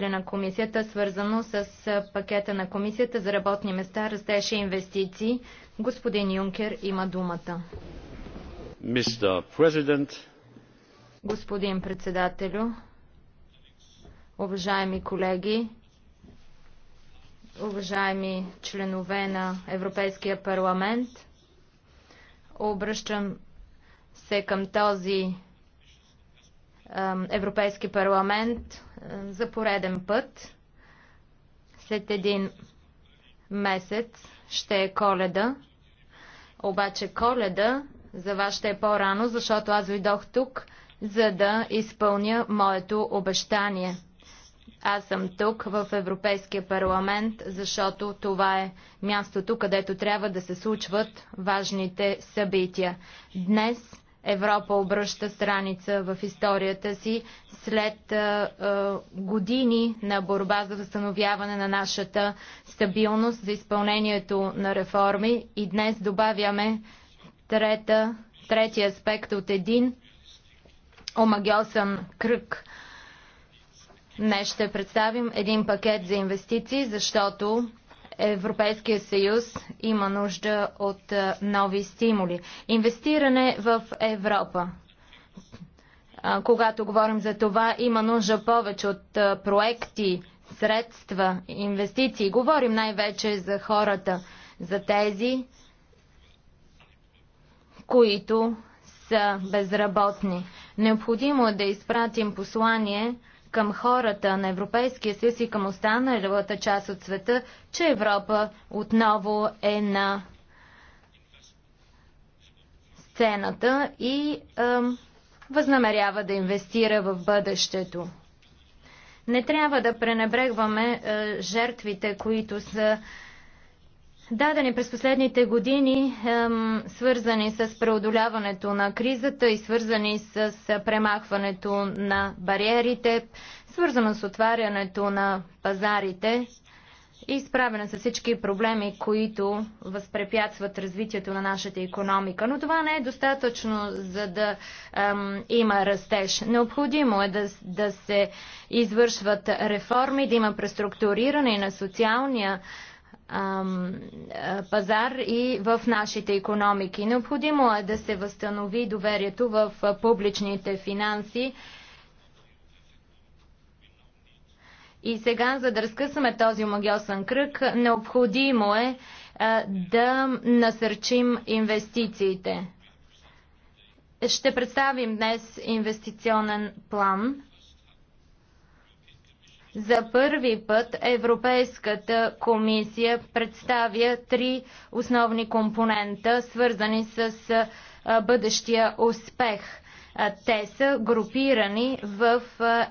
на комисията, свързано с пакета на комисията за работни места, растеше инвестиции. Господин Юнкер има думата. Господин председателю, уважаеми колеги, уважаеми членове на Европейския парламент, обръщам се към този Европейски парламент за пореден път. След един месец ще е коледа. Обаче коледа за вас ще е по-рано, защото аз дойдох тук, за да изпълня моето обещание. Аз съм тук в Европейския парламент, защото това е мястото, където трябва да се случват важните събития. Днес Европа обръща страница в историята си след години на борба за възстановяване на нашата стабилност, за изпълнението на реформи и днес добавяме трета, третия аспект от един омагиосен кръг. Днес ще представим един пакет за инвестиции, защото Европейския съюз има нужда от нови стимули. Инвестиране в Европа. Когато говорим за това, има нужда повече от проекти, средства, инвестиции. Говорим най-вече за хората, за тези, които са безработни. Необходимо е да изпратим послание, към хората на Европейския съюз и към останалата част от света, че Европа отново е на сцената и ам, възнамерява да инвестира в бъдещето. Не трябва да пренебрегваме а, жертвите, които са дадени през последните години, свързани с преодоляването на кризата и свързани с премахването на бариерите, свързано с отварянето на пазарите и справяне с всички проблеми, които възпрепятстват развитието на нашата економика. Но това не е достатъчно, за да ем, има растеж. Необходимо е да, да се извършват реформи, да има преструктуриране на социалния пазар и в нашите економики. Необходимо е да се възстанови доверието в публичните финанси. И сега, за да разкъсаме този магиосен кръг, необходимо е да насърчим инвестициите. Ще представим днес инвестиционен план. За първи път Европейската комисия представя три основни компонента, свързани с бъдещия успех. Те са групирани в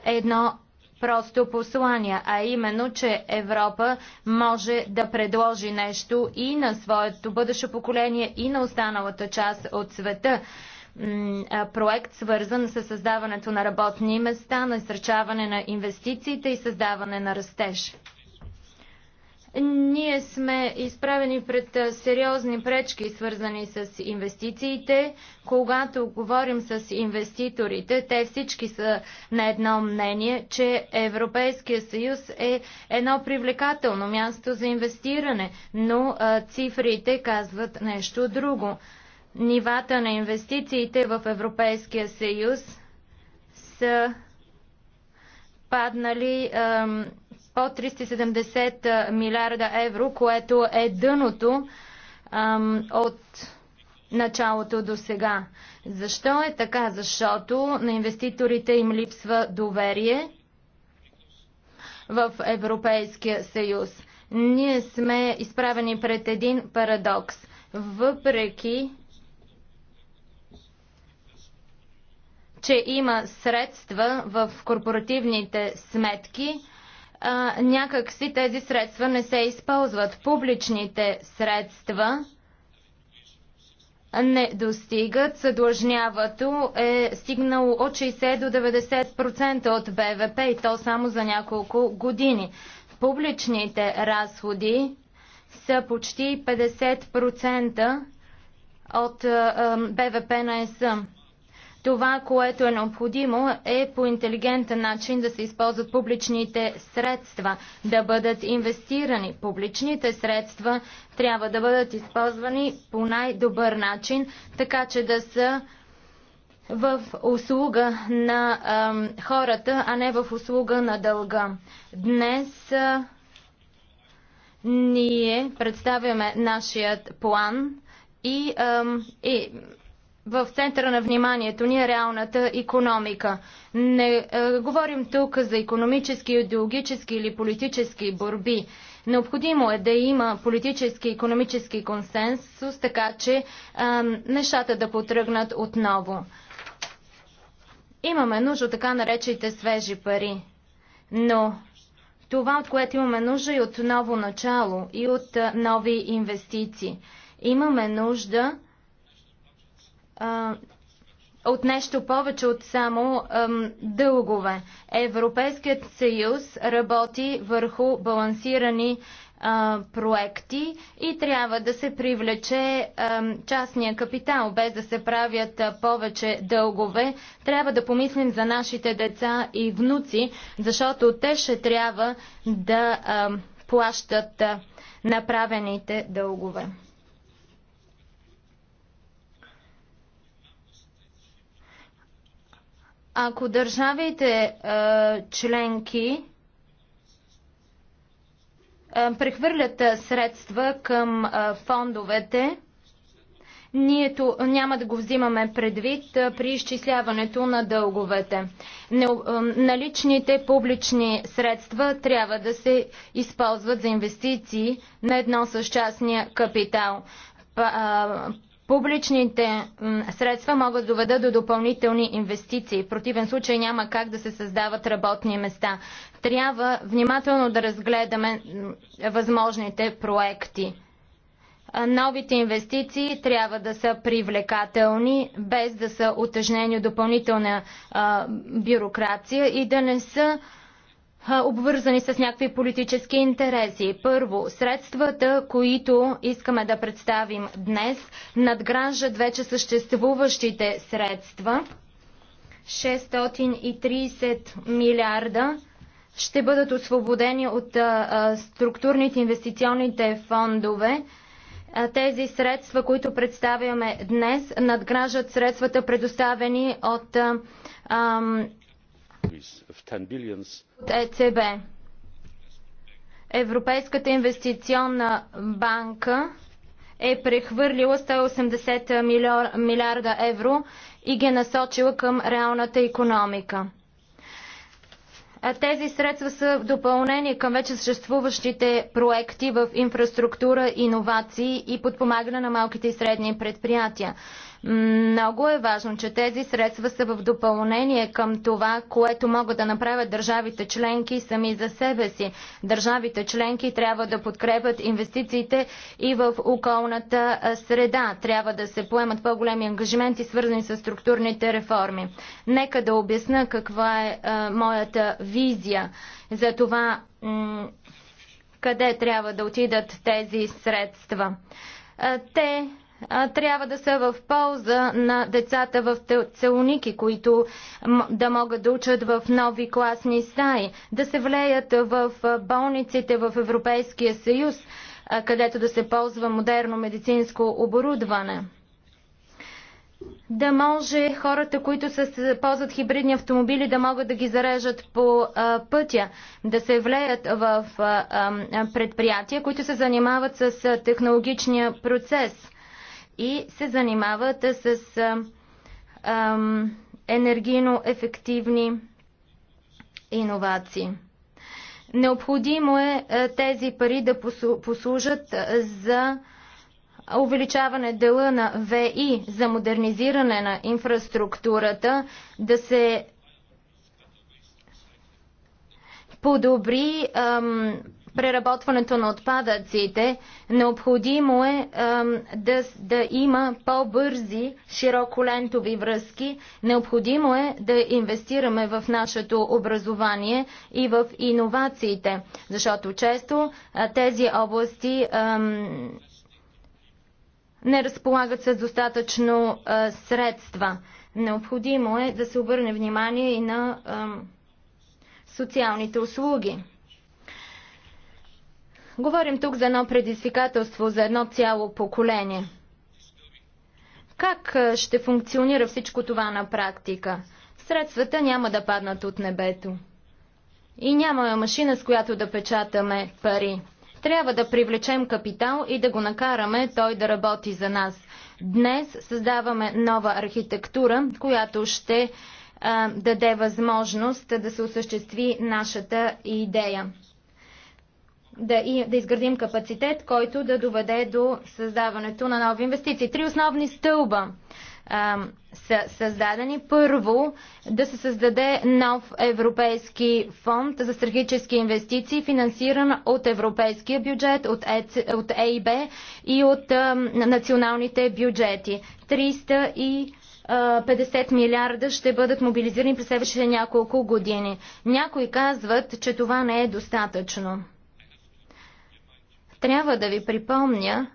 едно просто послание, а именно, че Европа може да предложи нещо и на своето бъдеще поколение, и на останалата част от света проект, свързан с създаването на работни места, насърчаване на инвестициите и създаване на растеж. Ние сме изправени пред сериозни пречки, свързани с инвестициите. Когато говорим с инвеститорите, те всички са на едно мнение, че Европейския съюз е едно привлекателно място за инвестиране, но цифрите казват нещо друго нивата на инвестициите в Европейския съюз са паднали ем, по 370 милиарда евро, което е дъното ем, от началото до сега. Защо е така? Защото на инвеститорите им липсва доверие в Европейския съюз. Ние сме изправени пред един парадокс. Въпреки че има средства в корпоративните сметки, а, някакси тези средства не се използват. Публичните средства не достигат. Съдлъжнявато е стигнало от 60 до 90% от БВП и то само за няколко години. Публичните разходи са почти 50% от БВП на ЕСА. Това, което е необходимо е по интелигентен начин да се използват публичните средства, да бъдат инвестирани. Публичните средства трябва да бъдат използвани по най-добър начин, така че да са в услуга на а, хората, а не в услуга на дълга. Днес а, ние представяме нашият план и, а, и в центъра на вниманието ни е реалната економика. Не е, говорим тук за економически, идеологически или политически борби. Необходимо е да има политически и економически консенсус, така че е, нещата да потръгнат отново. Имаме нужда така наречените свежи пари, но това, от което имаме нужда и е от ново начало, и от нови инвестиции. Имаме нужда от нещо повече от само ам, дългове. Европейският съюз работи върху балансирани проекти и трябва да се привлече частния капитал, без да се правят повече дългове. Трябва да помислим за нашите деца и внуци, защото те ще трябва да плащат направените дългове. Ако държавите е, членки е, прехвърлят е, средства към фондовете, ние няма да го взимаме предвид при изчисляването на дълговете. Наличните публични средства трябва да се използват за инвестиции на едно с частния капитал. Публичните средства могат да доведат до допълнителни инвестиции. В противен случай няма как да се създават работни места. Трябва внимателно да разгледаме възможните проекти. Новите инвестиции трябва да са привлекателни, без да са отъжнени допълнителна бюрокрация и да не са обвързани с някакви политически интереси. Първо, средствата, които искаме да представим днес, надграждат вече съществуващите средства. 630 милиарда ще бъдат освободени от структурните инвестиционните фондове. Тези средства, които представяме днес, надграждат средствата предоставени от от ЕЦБ. Европейската инвестиционна банка е прехвърлила 180 милиарда евро и ги е насочила към реалната економика. А тези средства са в допълнение към вече съществуващите проекти в инфраструктура, иновации и подпомагане на малките и средни предприятия. Много е важно, че тези средства са в допълнение към това, което могат да направят държавите членки сами за себе си. Държавите членки трябва да подкрепят инвестициите и в околната среда. Трябва да се поемат по-големи ангажименти, свързани с структурните реформи. Нека да обясна каква е а, моята визия за това къде трябва да отидат тези средства. А, те трябва да са в полза на децата в целоники, които да могат да учат в нови класни стаи, да се влеят в болниците в Европейския съюз, където да се ползва модерно медицинско оборудване. Да може хората, които се ползват хибридни автомобили, да могат да ги зарежат по а, пътя, да се влеят в а, а, предприятия, които се занимават с технологичния процес и се занимават с енергийно ефективни иновации. Необходимо е тези пари да послужат за увеличаване дела на ВИ, за модернизиране на инфраструктурата, да се подобри ам, преработването на отпадъците, необходимо е да, да има по-бързи широколентови връзки, необходимо е да инвестираме в нашето образование и в иновациите, защото често тези области не разполагат с достатъчно средства. Необходимо е да се обърне внимание и на социалните услуги. Говорим тук за едно предизвикателство, за едно цяло поколение. Как ще функционира всичко това на практика? Средствата няма да паднат от небето. И нямаме машина, с която да печатаме пари. Трябва да привлечем капитал и да го накараме той да работи за нас. Днес създаваме нова архитектура, която ще а, даде възможност да се осъществи нашата идея да, и, да изградим капацитет, който да доведе до създаването на нови инвестиции. Три основни стълба а, са създадени. Първо, да се създаде нов европейски фонд за стратегически инвестиции, финансиран от европейския бюджет, от, ЕЦ, от ЕИБ и от а, националните бюджети. 300 и 50 милиарда ще бъдат мобилизирани през следващите няколко години. Някои казват, че това не е достатъчно. Трябва да ви припомня,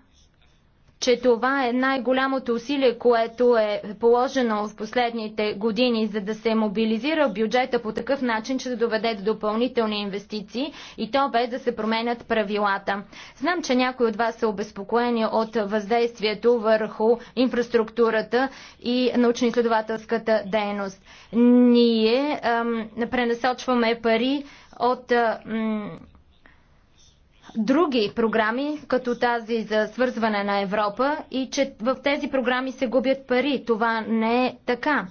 че това е най-голямото усилие, което е положено в последните години, за да се мобилизира бюджета по такъв начин, че да доведе до допълнителни инвестиции и то без да се променят правилата. Знам, че някои от вас са обезпокоени от въздействието върху инфраструктурата и научно-изследователската дейност. Ние ам, пренасочваме пари от ам, други програми, като тази за свързване на Европа и че в тези програми се губят пари. Това не е така.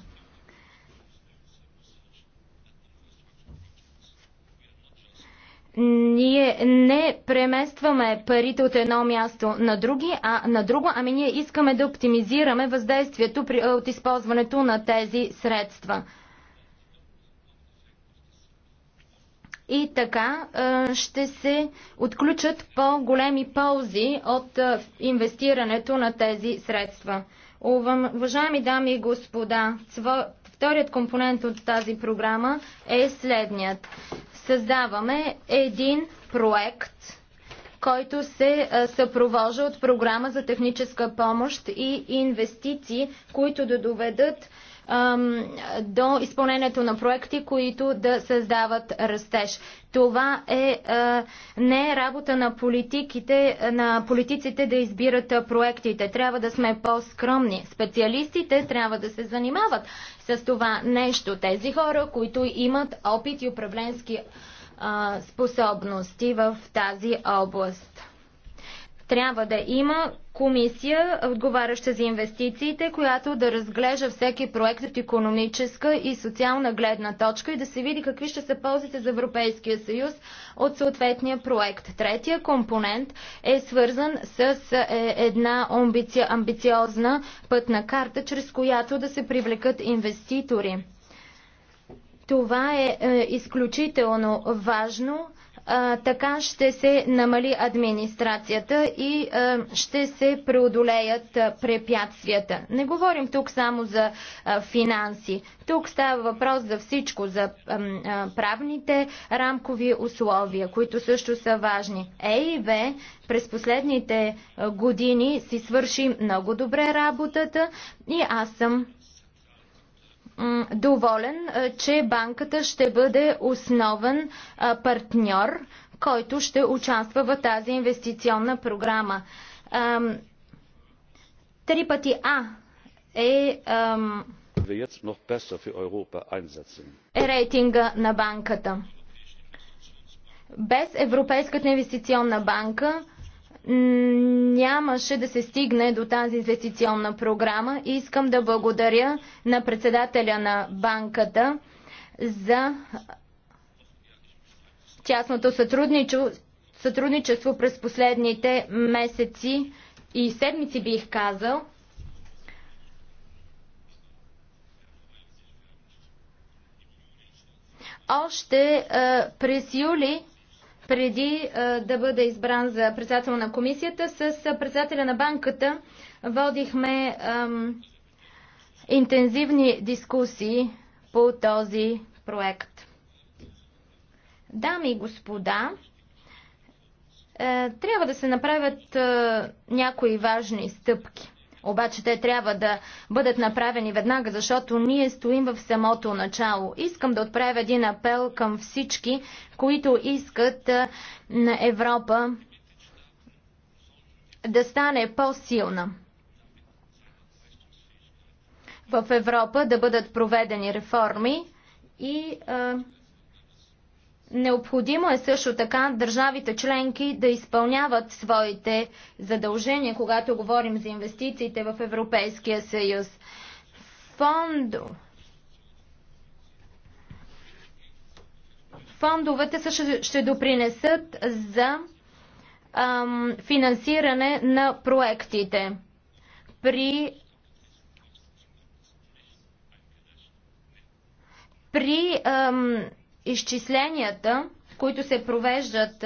Ние не преместваме парите от едно място на, други, а, на друго, ами ние искаме да оптимизираме въздействието при, от използването на тези средства. и така ще се отключат по-големи ползи от инвестирането на тези средства. Уважаеми дами и господа, вторият компонент от тази програма е следният. Създаваме един проект, който се съпровожда от програма за техническа помощ и инвестиции, които да доведат до изпълнението на проекти, които да създават растеж. Това е, не е работа на, политиките, на политиците да избират проектите. Трябва да сме по-скромни. Специалистите трябва да се занимават с това нещо. Тези хора, които имат опит и управленски способности в тази област. Трябва да има комисия, отговаряща за инвестициите, която да разглежда всеки проект от економическа и социална гледна точка и да се види какви ще са ползите за Европейския съюз от съответния проект. Третия компонент е свързан с е, една амбициозна пътна карта, чрез която да се привлекат инвеститори. Това е, е изключително важно. А, е, така ще се намали администрацията и а, е, ще се преодолеят а, е, препятствията. Не говорим тук само за финанси. Тук става въпрос за всичко, за правните рамкови условия, които също са важни. ЕИВ през последните години си свърши много добре работата и аз съм доволен, че банката ще бъде основен партньор, който ще участва в тази инвестиционна програма. Три пъти А е рейтинга на банката. Без Европейската инвестиционна банка нямаше да се стигне до тази инвестиционна програма. И искам да благодаря на председателя на банката за тясното сътрудничество през последните месеци и седмици, бих казал. Още през юли преди да бъда избран за председател на комисията, с председателя на банката водихме интензивни дискусии по този проект. Дами и господа, е, трябва да се направят някои важни стъпки. Обаче те трябва да бъдат направени веднага, защото ние стоим в самото начало. Искам да отправя един апел към всички, които искат на Европа да стане по-силна. В Европа да бъдат проведени реформи и Необходимо е също така държавите членки да изпълняват своите задължения, когато говорим за инвестициите в Европейския съюз. Фондо. Фондовете също ще допринесат за ам, финансиране на проектите. При при ам, изчисленията, които се провеждат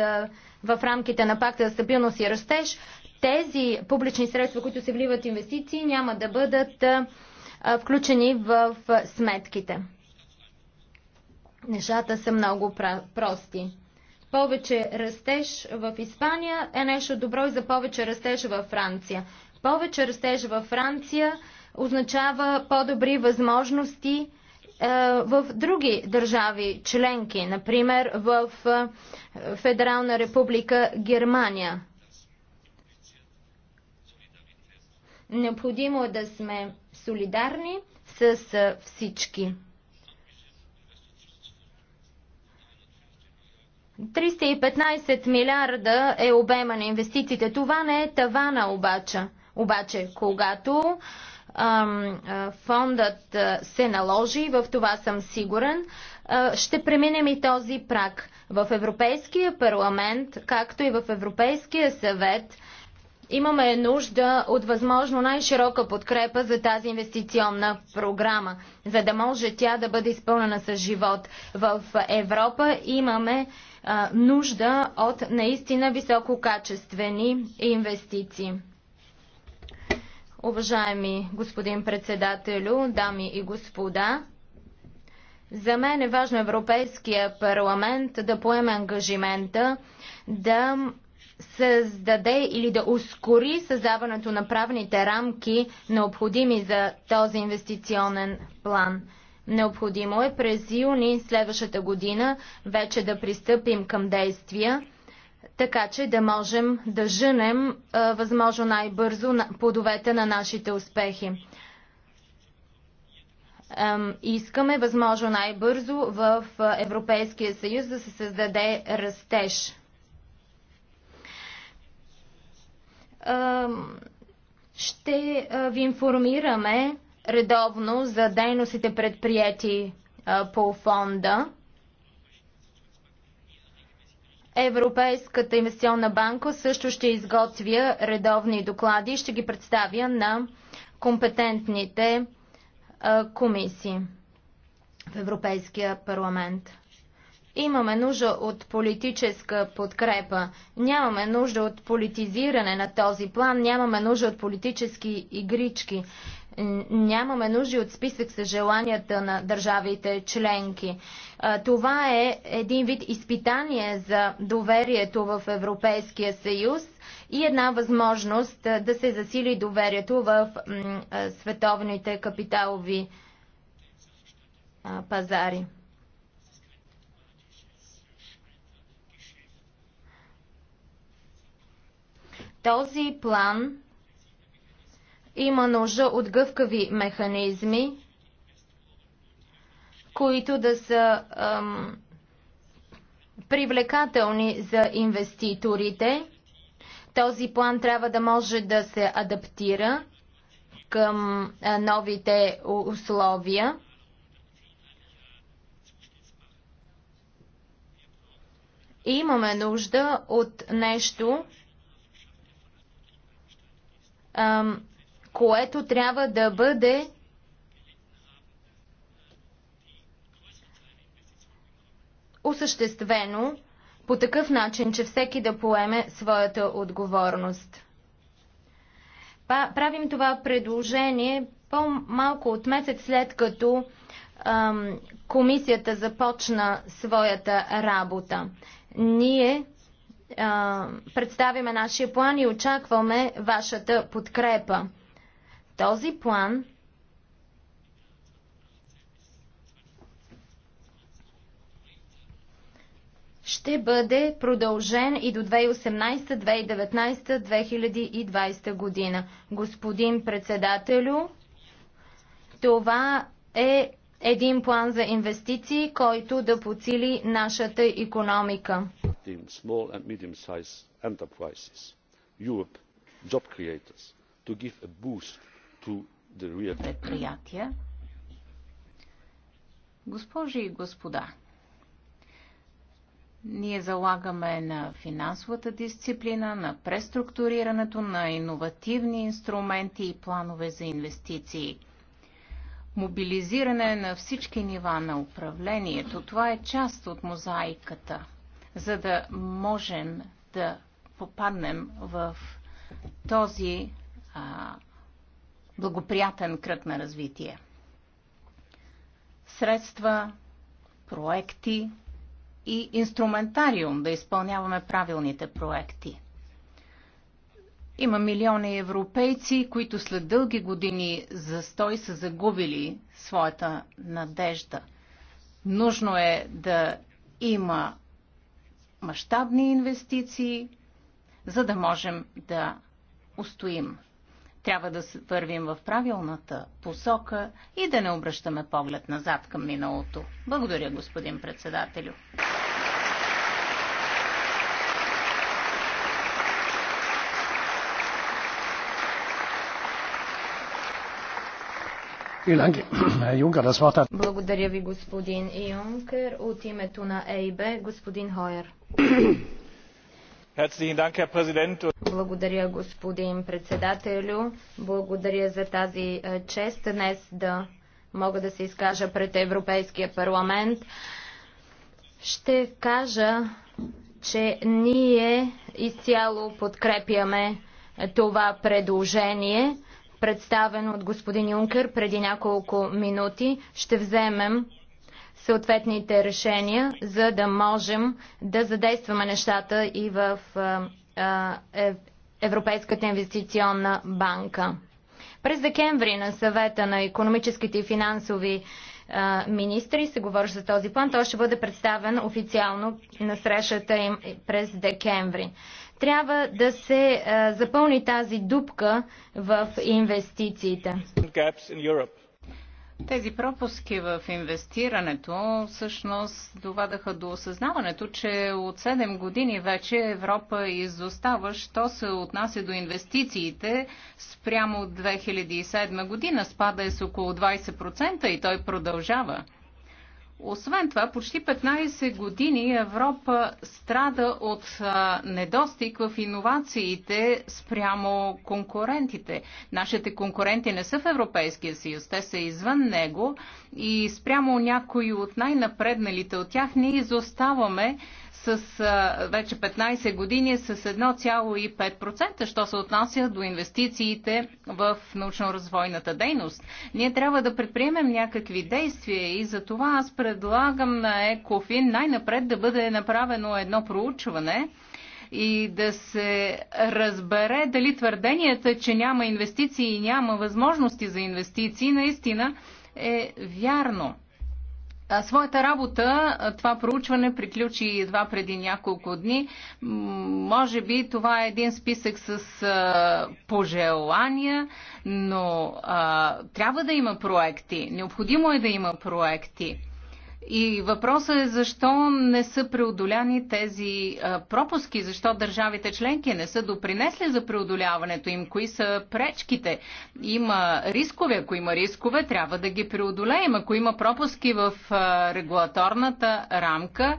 в рамките на пакта за стабилност и растеж, тези публични средства, които се вливат инвестиции, няма да бъдат включени в сметките. Нещата са много прости. Повече растеж в Испания е нещо добро и за повече растеж във Франция. Повече растеж във Франция означава по-добри възможности е, в други държави членки, например в е, Федерална република Германия. Необходимо е да сме солидарни с е, всички. 315 милиарда е обема на инвестициите. Това не е тавана обаче. Обаче, когато фондът се наложи, в това съм сигурен, ще преминем и този прак. В Европейския парламент, както и в Европейския съвет, имаме нужда от възможно най-широка подкрепа за тази инвестиционна програма, за да може тя да бъде изпълнена с живот. В Европа имаме нужда от наистина висококачествени инвестиции. Уважаеми господин председателю, дами и господа, за мен е важно Европейския парламент да поеме ангажимента да създаде или да ускори създаването на правните рамки, необходими за този инвестиционен план. Необходимо е през юни следващата година вече да пристъпим към действия така че да можем да женем възможно най-бързо на плодовете на нашите успехи. искаме възможно най-бързо в Европейския съюз да се създаде растеж. ще ви информираме редовно за дейностите предприяти по фонда. Европейската инвестиционна банка също ще изготвя редовни доклади и ще ги представя на компетентните комисии в Европейския парламент. Имаме нужда от политическа подкрепа. Нямаме нужда от политизиране на този план. Нямаме нужда от политически игрички нямаме нужди от списък с желанията на държавите членки. Това е един вид изпитание за доверието в Европейския съюз и една възможност да се засили доверието в световните капиталови пазари. Този план има нужда от гъвкави механизми, които да са ам, привлекателни за инвеститорите. Този план трябва да може да се адаптира към новите условия. И имаме нужда от нещо, което трябва да бъде осъществено по такъв начин, че всеки да поеме своята отговорност. Правим това предложение по-малко от месец след като ам, комисията започна своята работа. Ние а, представиме нашия план и очакваме вашата подкрепа. Този план ще бъде продължен и до 2018, 2019, 2020 година. Господин председателю, това е един план за инвестиции, който да подсили нашата економика. Europe, job creators, to give a boost предприятия. Госпожи и господа, ние залагаме на финансовата дисциплина, на преструктурирането на иновативни инструменти и планове за инвестиции. Мобилизиране на всички нива на управлението, това е част от мозаиката, за да можем да попаднем в този а, благоприятен кръг на развитие. Средства, проекти и инструментариум да изпълняваме правилните проекти. Има милиони европейци, които след дълги години застой са загубили своята надежда. Нужно е да има мащабни инвестиции, за да можем да устоим. Трябва да вървим в правилната посока и да не обръщаме поглед назад към миналото. Благодаря, господин председателю. Благодаря ви, господин Юнкер. От името на ЕИБ, господин Хойер. Благодаря, господин председателю. Благодаря за тази е, чест днес да мога да се изкажа пред Европейския парламент. Ще кажа, че ние изцяло подкрепяме това предложение, представено от господин Юнкер преди няколко минути. Ще вземем съответните решения, за да можем да задействаме нещата и в е, Европейската инвестиционна банка. През декември на съвета на економическите и финансови министри се говори за този план. Той ще бъде представен официално на срещата им през декември. Трябва да се запълни тази дупка в инвестициите. Тези пропуски в инвестирането всъщност доведаха до осъзнаването, че от 7 години вече Европа изостава, що се отнася до инвестициите спрямо от 2007 година. Спада е с около 20% и той продължава. Освен това, почти 15 години Европа страда от недостиг в иновациите спрямо конкурентите. Нашите конкуренти не са в Европейския съюз, те са извън него и спрямо някои от най-напредналите от тях ние изоставаме с вече 15 години с 1,5%, що се отнася до инвестициите в научно-развойната дейност. Ние трябва да предприемем някакви действия и за това аз предлагам на ЕКОФИН най-напред да бъде направено едно проучване, и да се разбере дали твърденията, че няма инвестиции и няма възможности за инвестиции, наистина е вярно. Своята работа, това проучване приключи едва преди няколко дни. Може би това е един списък с пожелания, но а, трябва да има проекти. Необходимо е да има проекти. И въпросът е защо не са преодоляни тези пропуски, защо държавите членки не са допринесли за преодоляването им, кои са пречките. Има рискове, ако има рискове, трябва да ги преодолеем. Ако има пропуски в регулаторната рамка,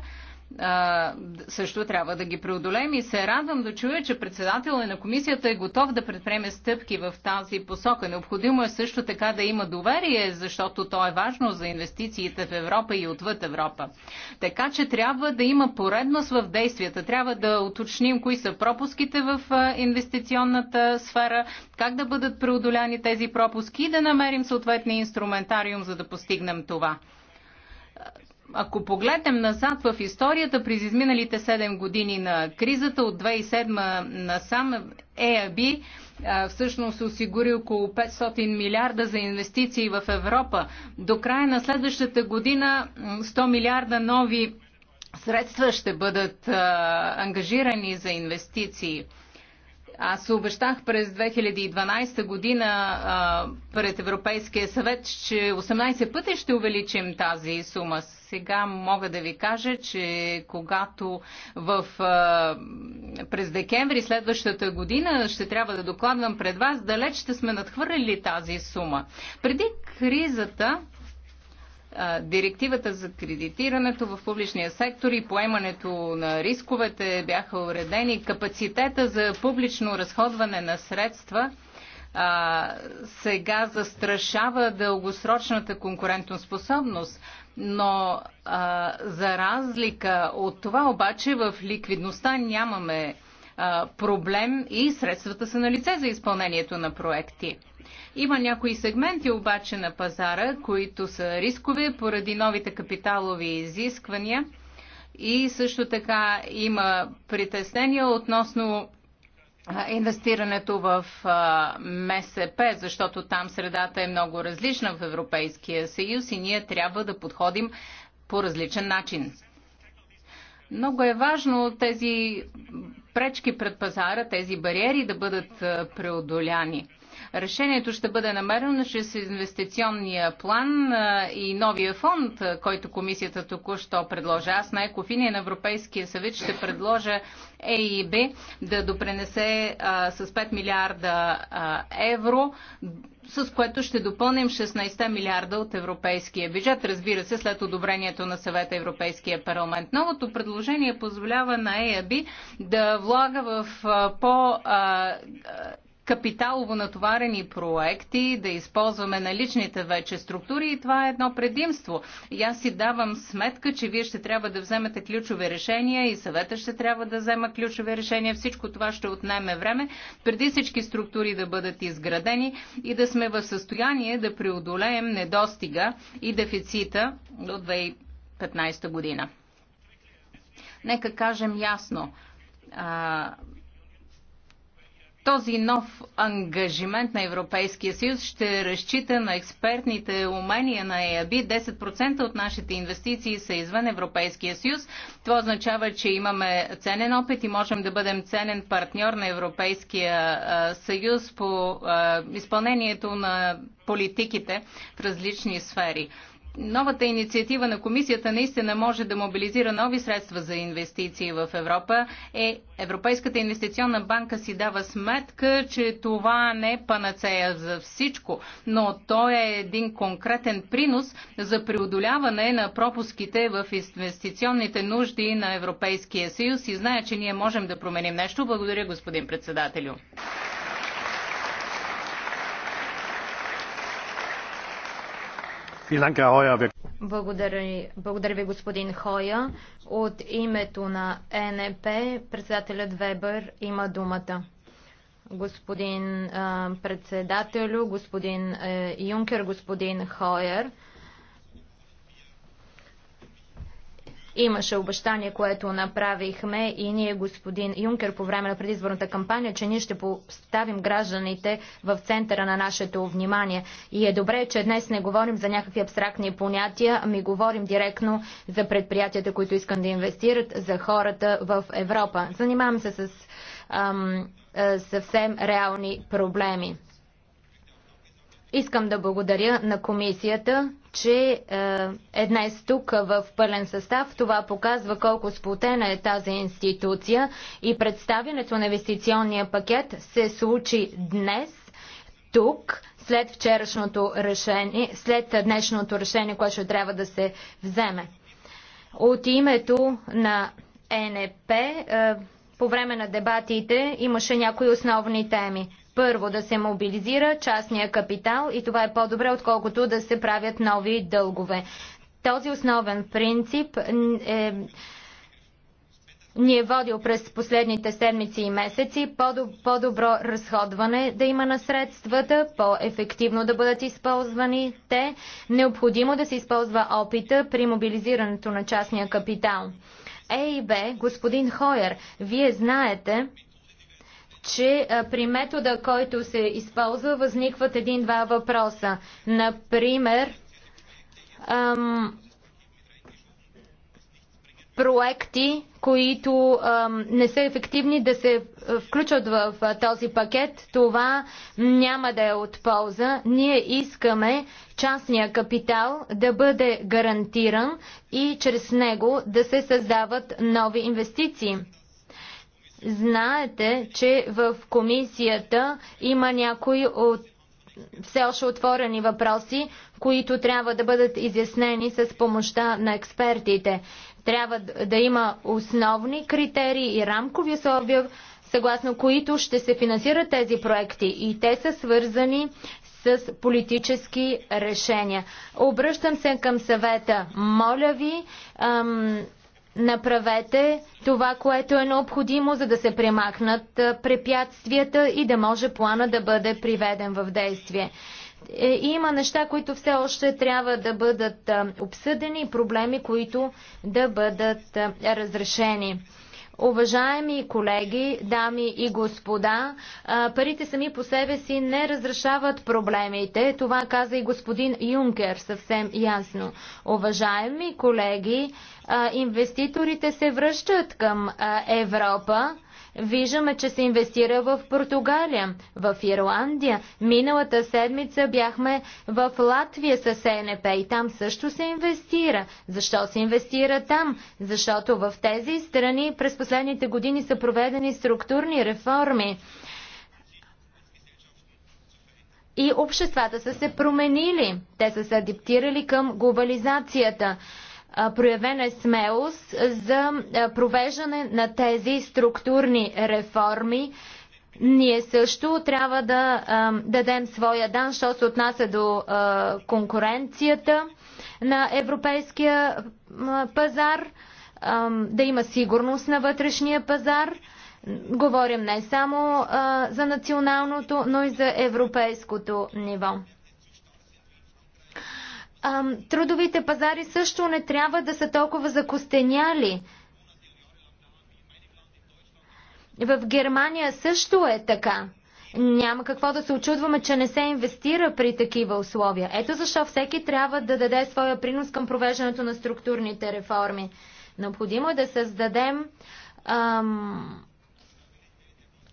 също трябва да ги преодолеем и се радвам да чуя, че председателът на комисията е готов да предприеме стъпки в тази посока. Необходимо е също така да има доверие, защото то е важно за инвестициите в Европа и отвъд Европа. Така че трябва да има поредност в действията. Трябва да уточним кои са пропуските в инвестиционната сфера, как да бъдат преодоляни тези пропуски и да намерим съответния инструментариум, за да постигнем това ако погледнем назад в историята, през изминалите 7 години на кризата от 2007 насам EAB всъщност осигури около 500 милиарда за инвестиции в Европа. До края на следващата година 100 милиарда нови средства ще бъдат ангажирани за инвестиции. Аз обещах през 2012 година а, пред Европейския съвет, че 18 пъти ще увеличим тази сума. Сега мога да ви кажа, че когато в, а, през декември следващата година ще трябва да докладвам пред вас, далеч ще сме надхвърлили тази сума. Преди кризата Директивата за кредитирането в публичния сектор и поемането на рисковете бяха уредени. Капацитета за публично разходване на средства а, сега застрашава дългосрочната конкурентоспособност, но а, за разлика от това обаче в ликвидността нямаме а, проблем и средствата са на лице за изпълнението на проекти. Има някои сегменти обаче на пазара, които са рискови поради новите капиталови изисквания и също така има притеснения относно инвестирането в МСП, защото там средата е много различна в Европейския съюз и ние трябва да подходим по различен начин. Много е важно тези пречки пред пазара, тези бариери да бъдат преодоляни. Решението ще бъде намерено чрез инвестиционния план и новия фонд, който комисията току-що предложи. Аз на екофиния на Европейския съвет ще предложа ЕИБ да допренесе а, с 5 милиарда а, евро с което ще допълним 16 милиарда от европейския бюджет, разбира се, след одобрението на съвета Европейския парламент. Новото предложение позволява на ЕАБ да влага в по капиталово натоварени проекти, да използваме наличните вече структури и това е едно предимство. И аз си давам сметка, че вие ще трябва да вземете ключови решения и съвета ще трябва да взема ключови решения. Всичко това ще отнеме време, преди всички структури да бъдат изградени и да сме в състояние да преодолеем недостига и дефицита до 2015 година. Нека кажем ясно, този нов ангажимент на Европейския съюз ще разчита на експертните умения на ЕАБ. 10% от нашите инвестиции са извън Европейския съюз. Това означава, че имаме ценен опит и можем да бъдем ценен партньор на Европейския съюз по изпълнението на политиките в различни сфери новата инициатива на комисията наистина може да мобилизира нови средства за инвестиции в Европа, е Европейската инвестиционна банка си дава сметка, че това не е панацея за всичко, но то е един конкретен принос за преодоляване на пропуските в инвестиционните нужди на Европейския съюз и знае, че ние можем да променим нещо. Благодаря, господин председателю. Благодаря, благодаря ви, господин Хоя. От името на ЕНП председателят Вебър има думата. Господин председателю, господин е, Юнкер, господин Хоер. Имаше обещание, което направихме и ние, господин Юнкер, по време на предизборната кампания, че ние ще поставим гражданите в центъра на нашето внимание. И е добре, че днес не говорим за някакви абстрактни понятия, ами говорим директно за предприятията, които искам да инвестират, за хората в Европа. Занимавам се с ам, съвсем реални проблеми. Искам да благодаря на комисията, че е, е днес тук в пълен състав. Това показва колко сплутена е тази институция и представянето на инвестиционния пакет се случи днес, тук, след вчерашното решение, след днешното решение, което ще трябва да се вземе. От името на ЕНП е, по време на дебатите имаше някои основни теми. Първо да се мобилизира частния капитал и това е по-добре, отколкото да се правят нови дългове. Този основен принцип е ни е водил през последните седмици и месеци по-добро разходване да има на средствата, по-ефективно да бъдат използвани те, необходимо да се използва опита при мобилизирането на частния капитал. Е и Б, господин Хойер, вие знаете, че а, при метода, който се използва, възникват един-два въпроса. Например, ам, проекти, които ам, не са ефективни да се включат в а, този пакет, това няма да е от полза. Ние искаме частния капитал да бъде гарантиран и чрез него да се създават нови инвестиции. Знаете, че в комисията има някои от все още отворени въпроси, които трябва да бъдат изяснени с помощта на експертите. Трябва да има основни критерии и рамкови условия, съгласно които ще се финансират тези проекти и те са свързани с политически решения. Обръщам се към съвета. Моля ви, ам, Направете това, което е необходимо, за да се премахнат препятствията и да може плана да бъде приведен в действие. Е, има неща, които все още трябва да бъдат обсъдени и проблеми, които да бъдат разрешени. Уважаеми колеги, дами и господа, парите сами по себе си не разрешават проблемите. Това каза и господин Юнкер съвсем ясно. Уважаеми колеги, инвеститорите се връщат към Европа. Виждаме, че се инвестира в Португалия, в Ирландия. Миналата седмица бяхме в Латвия с ЕНП и там също се инвестира. Защо се инвестира там? Защото в тези страни през последните години са проведени структурни реформи. И обществата са се променили. Те са се адаптирали към глобализацията проявена е смелост за провеждане на тези структурни реформи. Ние също трябва да дадем своя дан, що се отнася до конкуренцията на европейския пазар, да има сигурност на вътрешния пазар. Говорим не само за националното, но и за европейското ниво трудовите пазари също не трябва да са толкова закостеняли. В Германия също е така. Няма какво да се очудваме, че не се инвестира при такива условия. Ето защо всеки трябва да даде своя принос към провеждането на структурните реформи. Необходимо е да създадем ам,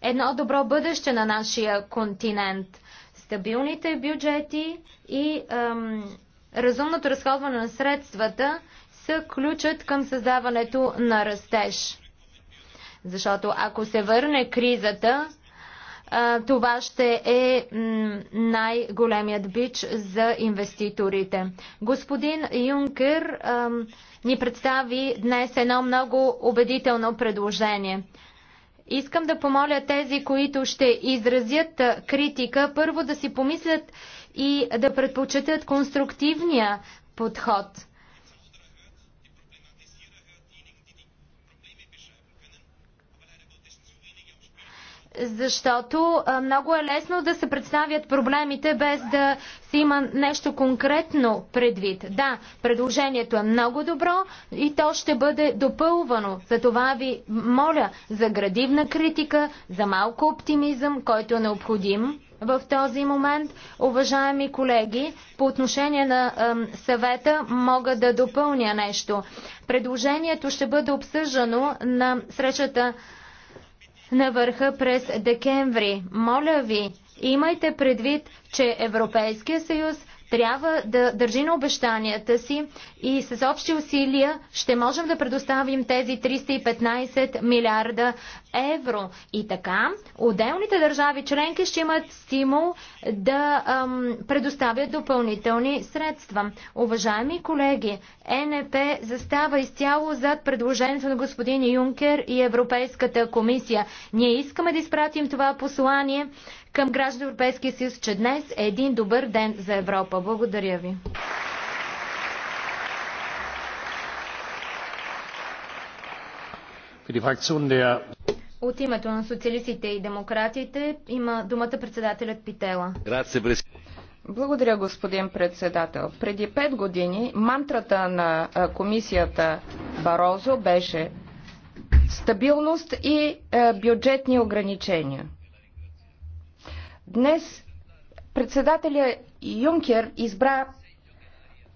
едно добро бъдеще на нашия континент. Стабилните бюджети и ам, разумното разходване на средствата са ключът към създаването на растеж. Защото ако се върне кризата, това ще е най-големият бич за инвеститорите. Господин Юнкер ни представи днес едно много убедително предложение. Искам да помоля тези, които ще изразят критика, първо да си помислят и да предпочитат конструктивния подход. Защото много е лесно да се представят проблемите без да се има нещо конкретно предвид. Да, предложението е много добро и то ще бъде допълвано. За това ви моля за градивна критика, за малко оптимизъм, който е необходим в този момент. Уважаеми колеги, по отношение на съвета мога да допълня нещо. Предложението ще бъде обсъждано на срещата на върха през декември. Моля ви, имайте предвид, че Европейския съюз трябва да държи на обещанията си и с общи усилия ще можем да предоставим тези 315 милиарда евро. И така, отделните държави членки ще имат стимул да ам, предоставят допълнителни средства. Уважаеми колеги, НП застава изцяло зад предложението на господин Юнкер и Европейската комисия. Ние искаме да изпратим това послание към граждан Европейския съюз, че днес е един добър ден за Европа. Благодаря ви. От името на социалистите и демократите има думата председателят Питела. Благодаря, господин председател. Преди пет години мантрата на комисията Барозо беше стабилност и бюджетни ограничения. Днес председателят Юнкер избра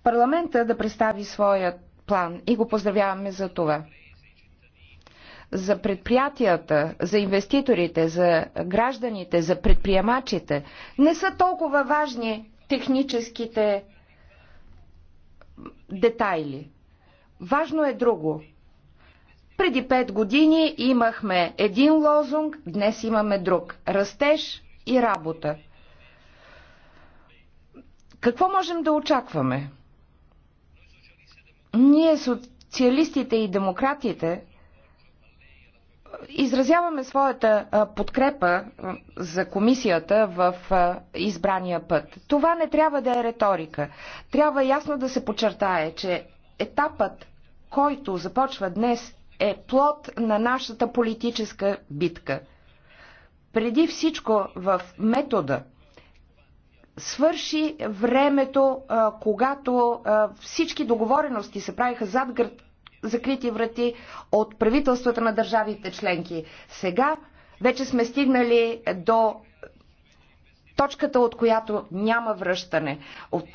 парламента да представи своя план и го поздравяваме за това. За предприятията, за инвеститорите, за гражданите, за предприемачите не са толкова важни техническите детайли. Важно е друго. Преди пет години имахме един лозунг, днес имаме друг. Растеж и работа. Какво можем да очакваме? Ние, социалистите и демократите, изразяваме своята подкрепа за комисията в избрания път. Това не трябва да е риторика. Трябва ясно да се подчертае, че етапът, който започва днес, е плод на нашата политическа битка. Преди всичко в метода, свърши времето, а, когато а, всички договорености се правиха зад град, закрити врати от правителствата на държавите членки. Сега вече сме стигнали до точката, от която няма връщане,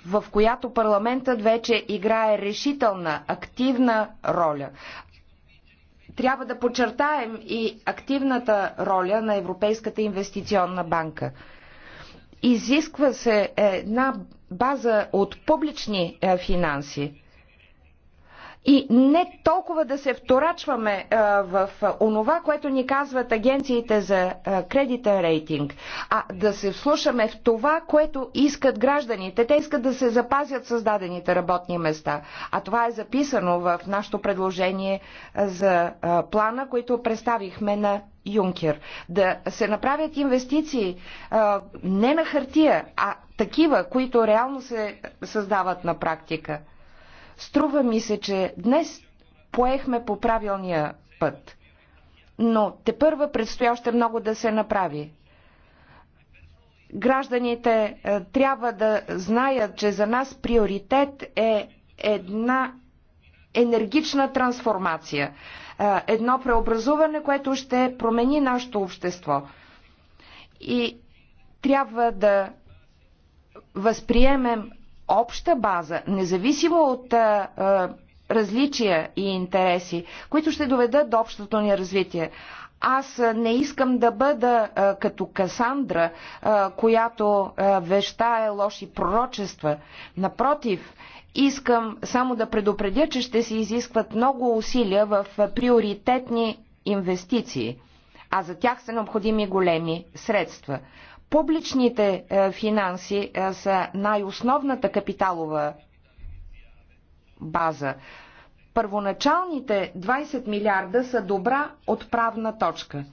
в която парламентът вече играе решителна, активна роля. Трябва да подчертаем и активната роля на Европейската инвестиционна банка. Изисква се една база от публични е, финанси, и не толкова да се вторачваме в онова, което ни казват агенциите за кредитен рейтинг, а да се вслушаме в това, което искат гражданите. Те искат да се запазят създадените работни места. А това е записано в нашето предложение за плана, който представихме на Юнкер. Да се направят инвестиции не на хартия, а такива, които реално се създават на практика. Струва ми се, че днес поехме по правилния път. Но те първа предстои още много да се направи. Гражданите е, трябва да знаят, че за нас приоритет е една енергична трансформация, е, едно преобразуване, което ще промени нашето общество. И трябва да възприемем обща база, независимо от а, а, различия и интереси, които ще доведат до общото ни развитие. Аз не искам да бъда а, като Касандра, а, която а, вещае лоши пророчества. Напротив, искам само да предупредя, че ще се изискват много усилия в приоритетни инвестиции, а за тях са необходими големи средства. Публичните е, финанси е, са най-основната капиталова база. Първоначалните 20 милиарда са добра отправна точка.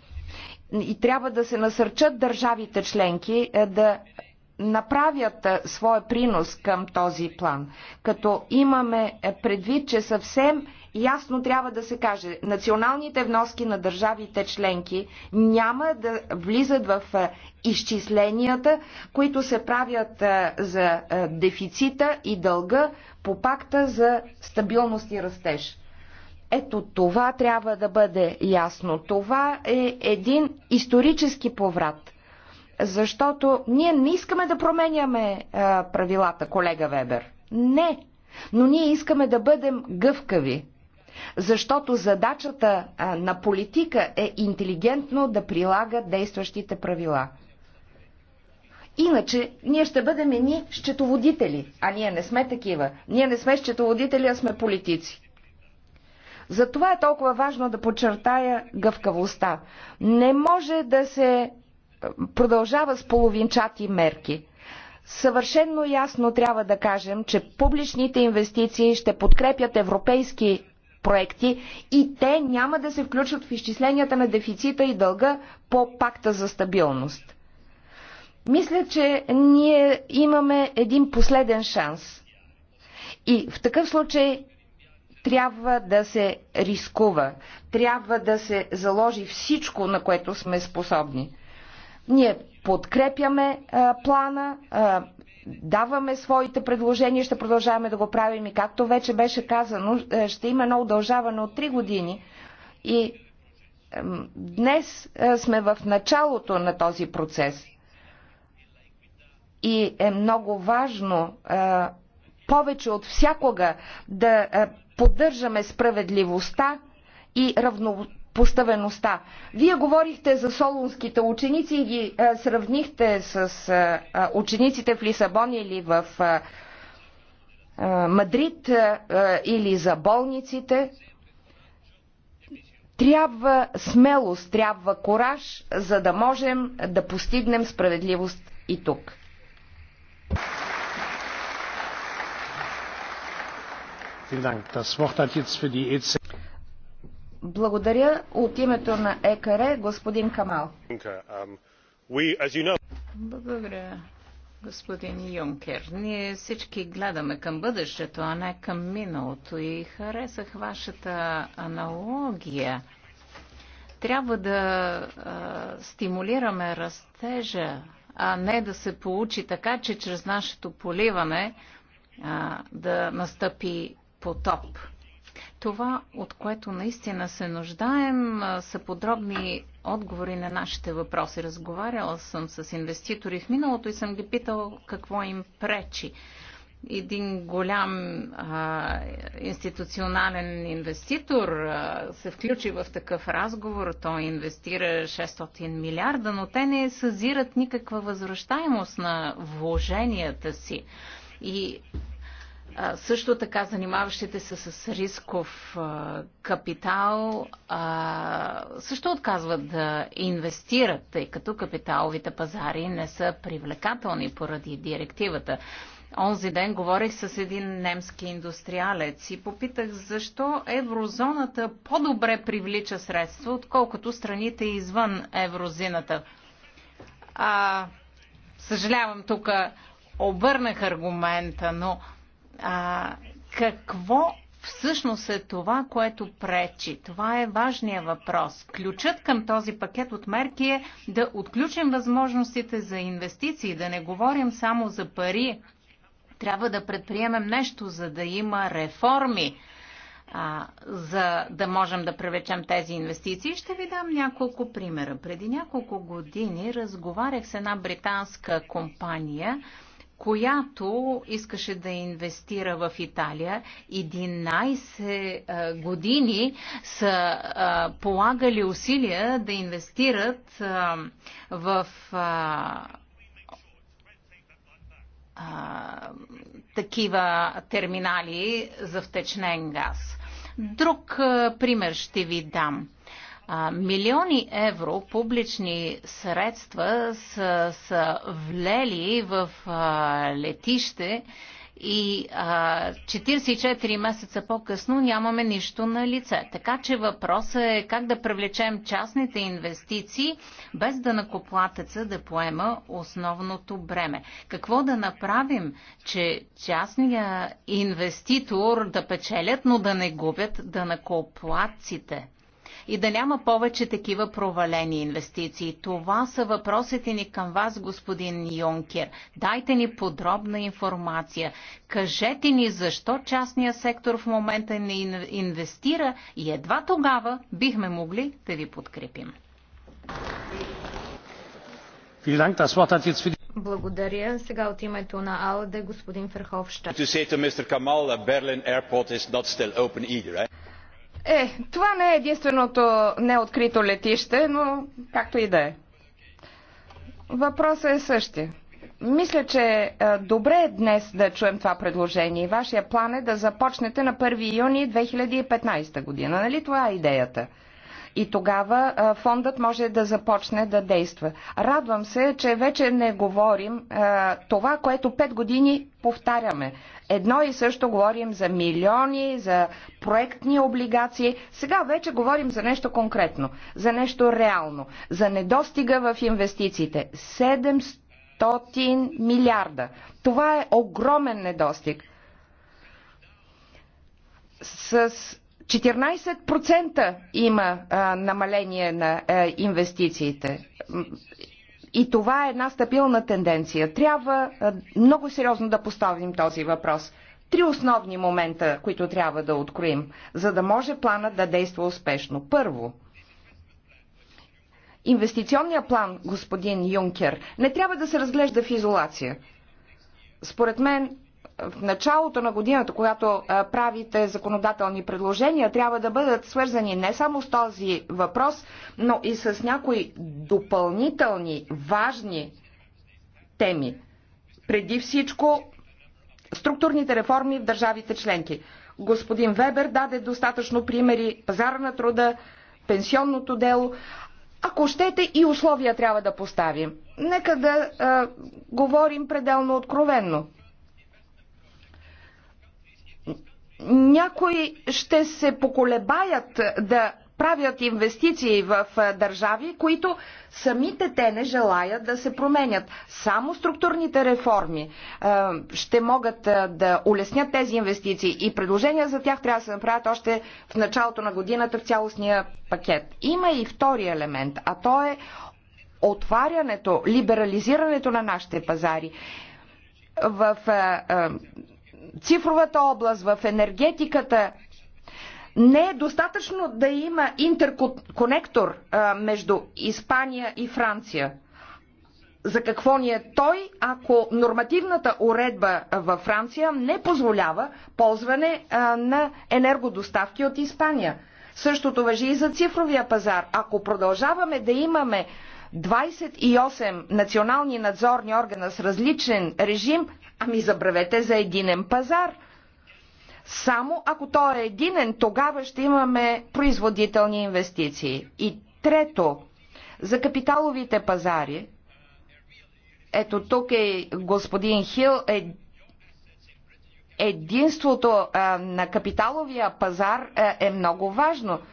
И трябва да се насърчат държавите членки е, да направят своя принос към този план, като имаме предвид, че съвсем ясно трябва да се каже, националните вноски на държавите членки няма да влизат в е, изчисленията, които се правят е, за е, дефицита и дълга по пакта за стабилност и растеж. Ето това трябва да бъде ясно. Това е един исторически поврат. Защото ние не искаме да променяме правилата, колега Вебер. Не, но ние искаме да бъдем гъвкави защото задачата на политика е интелигентно да прилага действащите правила. Иначе ние ще бъдем ни счетоводители, а ние не сме такива. Ние не сме счетоводители, а сме политици. Затова е толкова важно да подчертая гъвкавостта. Не може да се продължава с половинчати мерки. Съвършенно ясно трябва да кажем, че публичните инвестиции ще подкрепят европейски проекти и те няма да се включат в изчисленията на дефицита и дълга по пакта за стабилност. Мисля, че ние имаме един последен шанс. И в такъв случай трябва да се рискува, трябва да се заложи всичко, на което сме способни. Ние подкрепяме а, е, плана, а, е, даваме своите предложения, ще продължаваме да го правим и както вече беше казано, е, ще има едно удължаване от 3 години и а, днес а, сме в началото на този процес. И е много важно а, повече от всякога да а, поддържаме справедливостта и равно, поставеността. Вие говорихте за солунските ученици и ги а, е, сравнихте с а, е, е, учениците в Лисабон или в а, а, Мадрид а, или за болниците. Трябва смелост, трябва кораж, за да можем да постигнем справедливост и тук. Vielen Dank. Das Wort hat jetzt für die EZ благодаря от името на ЕКР господин Камал. Благодаря, господин Юнкер. Ние всички гледаме към бъдещето, а не към миналото и харесах вашата аналогия. Трябва да а, стимулираме растежа, а не да се получи така, че чрез нашето поливане а, да настъпи потоп. Това, от което наистина се нуждаем, са подробни отговори на нашите въпроси. Разговаряла съм с инвеститори в миналото и съм ги питал какво им пречи. Един голям а, институционален инвеститор а, се включи в такъв разговор. Той инвестира 600 милиарда, но те не съзират никаква възвръщаемост на вложенията си. И също така занимаващите се с рисков капитал също отказват да инвестират, тъй като капиталовите пазари не са привлекателни поради директивата. Онзи ден говорих с един немски индустриалец и попитах защо еврозоната по-добре привлича средства, отколкото страните извън еврозината. А, съжалявам, тук обърнах аргумента, но а, какво всъщност е това, което пречи? Това е важният въпрос. Ключът към този пакет от мерки е да отключим възможностите за инвестиции, да не говорим само за пари. Трябва да предприемем нещо, за да има реформи, а, за да можем да привлечем тези инвестиции. Ще ви дам няколко примера. Преди няколко години разговарях с една британска компания, която искаше да инвестира в Италия. 11 е, години са е, полагали усилия да инвестират е, в такива терминали за втечнен газ. Друг пример ще ви дам милиони евро публични средства са, са влели в а, летище и а, 44 месеца по-късно нямаме нищо на лице. Така че въпросът е как да привлечем частните инвестиции, без да накоплатеца да поема основното бреме. Какво да направим, че частния инвеститор да печелят, но да не губят да накоплатците? и да няма повече такива провалени инвестиции. Това са въпросите ни към вас, господин Юнкер. Дайте ни подробна информация. Кажете ни защо частния сектор в момента не инвестира и едва тогава бихме могли да ви подкрепим. Благодаря. Сега от името на АЛДЕ господин Ферховща. Е, това не е единственото неоткрито летище, но както и да е. Въпросът е същия. Мисля, че е, добре е днес да чуем това предложение. Вашия план е да започнете на 1 юни 2015 година. Нали това е идеята? и тогава фондът може да започне да действа. Радвам се, че вече не говорим това, което пет години повтаряме. Едно и също говорим за милиони, за проектни облигации. Сега вече говорим за нещо конкретно, за нещо реално, за недостига в инвестициите. 700 милиарда. Това е огромен недостиг. С 14% има а, намаление на а, инвестициите. И това е една стабилна тенденция. Трябва а, много сериозно да поставим този въпрос. Три основни момента, които трябва да откроим, за да може планът да действа успешно. Първо, инвестиционният план, господин Юнкер, не трябва да се разглежда в изолация. Според мен в началото на годината, когато правите законодателни предложения, трябва да бъдат свързани не само с този въпрос, но и с някои допълнителни важни теми. Преди всичко структурните реформи в държавите членки. Господин Вебер даде достатъчно примери, пазара на труда, пенсионното дело. Ако щете и условия трябва да поставим. Нека да а, говорим пределно откровенно. някои ще се поколебаят да правят инвестиции в държави, които самите те не желаят да се променят. Само структурните реформи ще могат да улеснят тези инвестиции и предложения за тях трябва да се направят още в началото на годината в цялостния пакет. Има и втори елемент, а то е отварянето, либерализирането на нашите пазари. В цифровата област, в енергетиката, не е достатъчно да има интерконектор между Испания и Франция. За какво ни е той, ако нормативната уредба във Франция не позволява ползване на енергодоставки от Испания? Същото въжи и за цифровия пазар. Ако продължаваме да имаме 28 национални надзорни органа с различен режим, ами забравете за единен пазар. Само ако той е единен, тогава ще имаме производителни инвестиции. И трето, за капиталовите пазари, ето тук е господин Хил, е, единството а, на капиталовия пазар а, е много важно –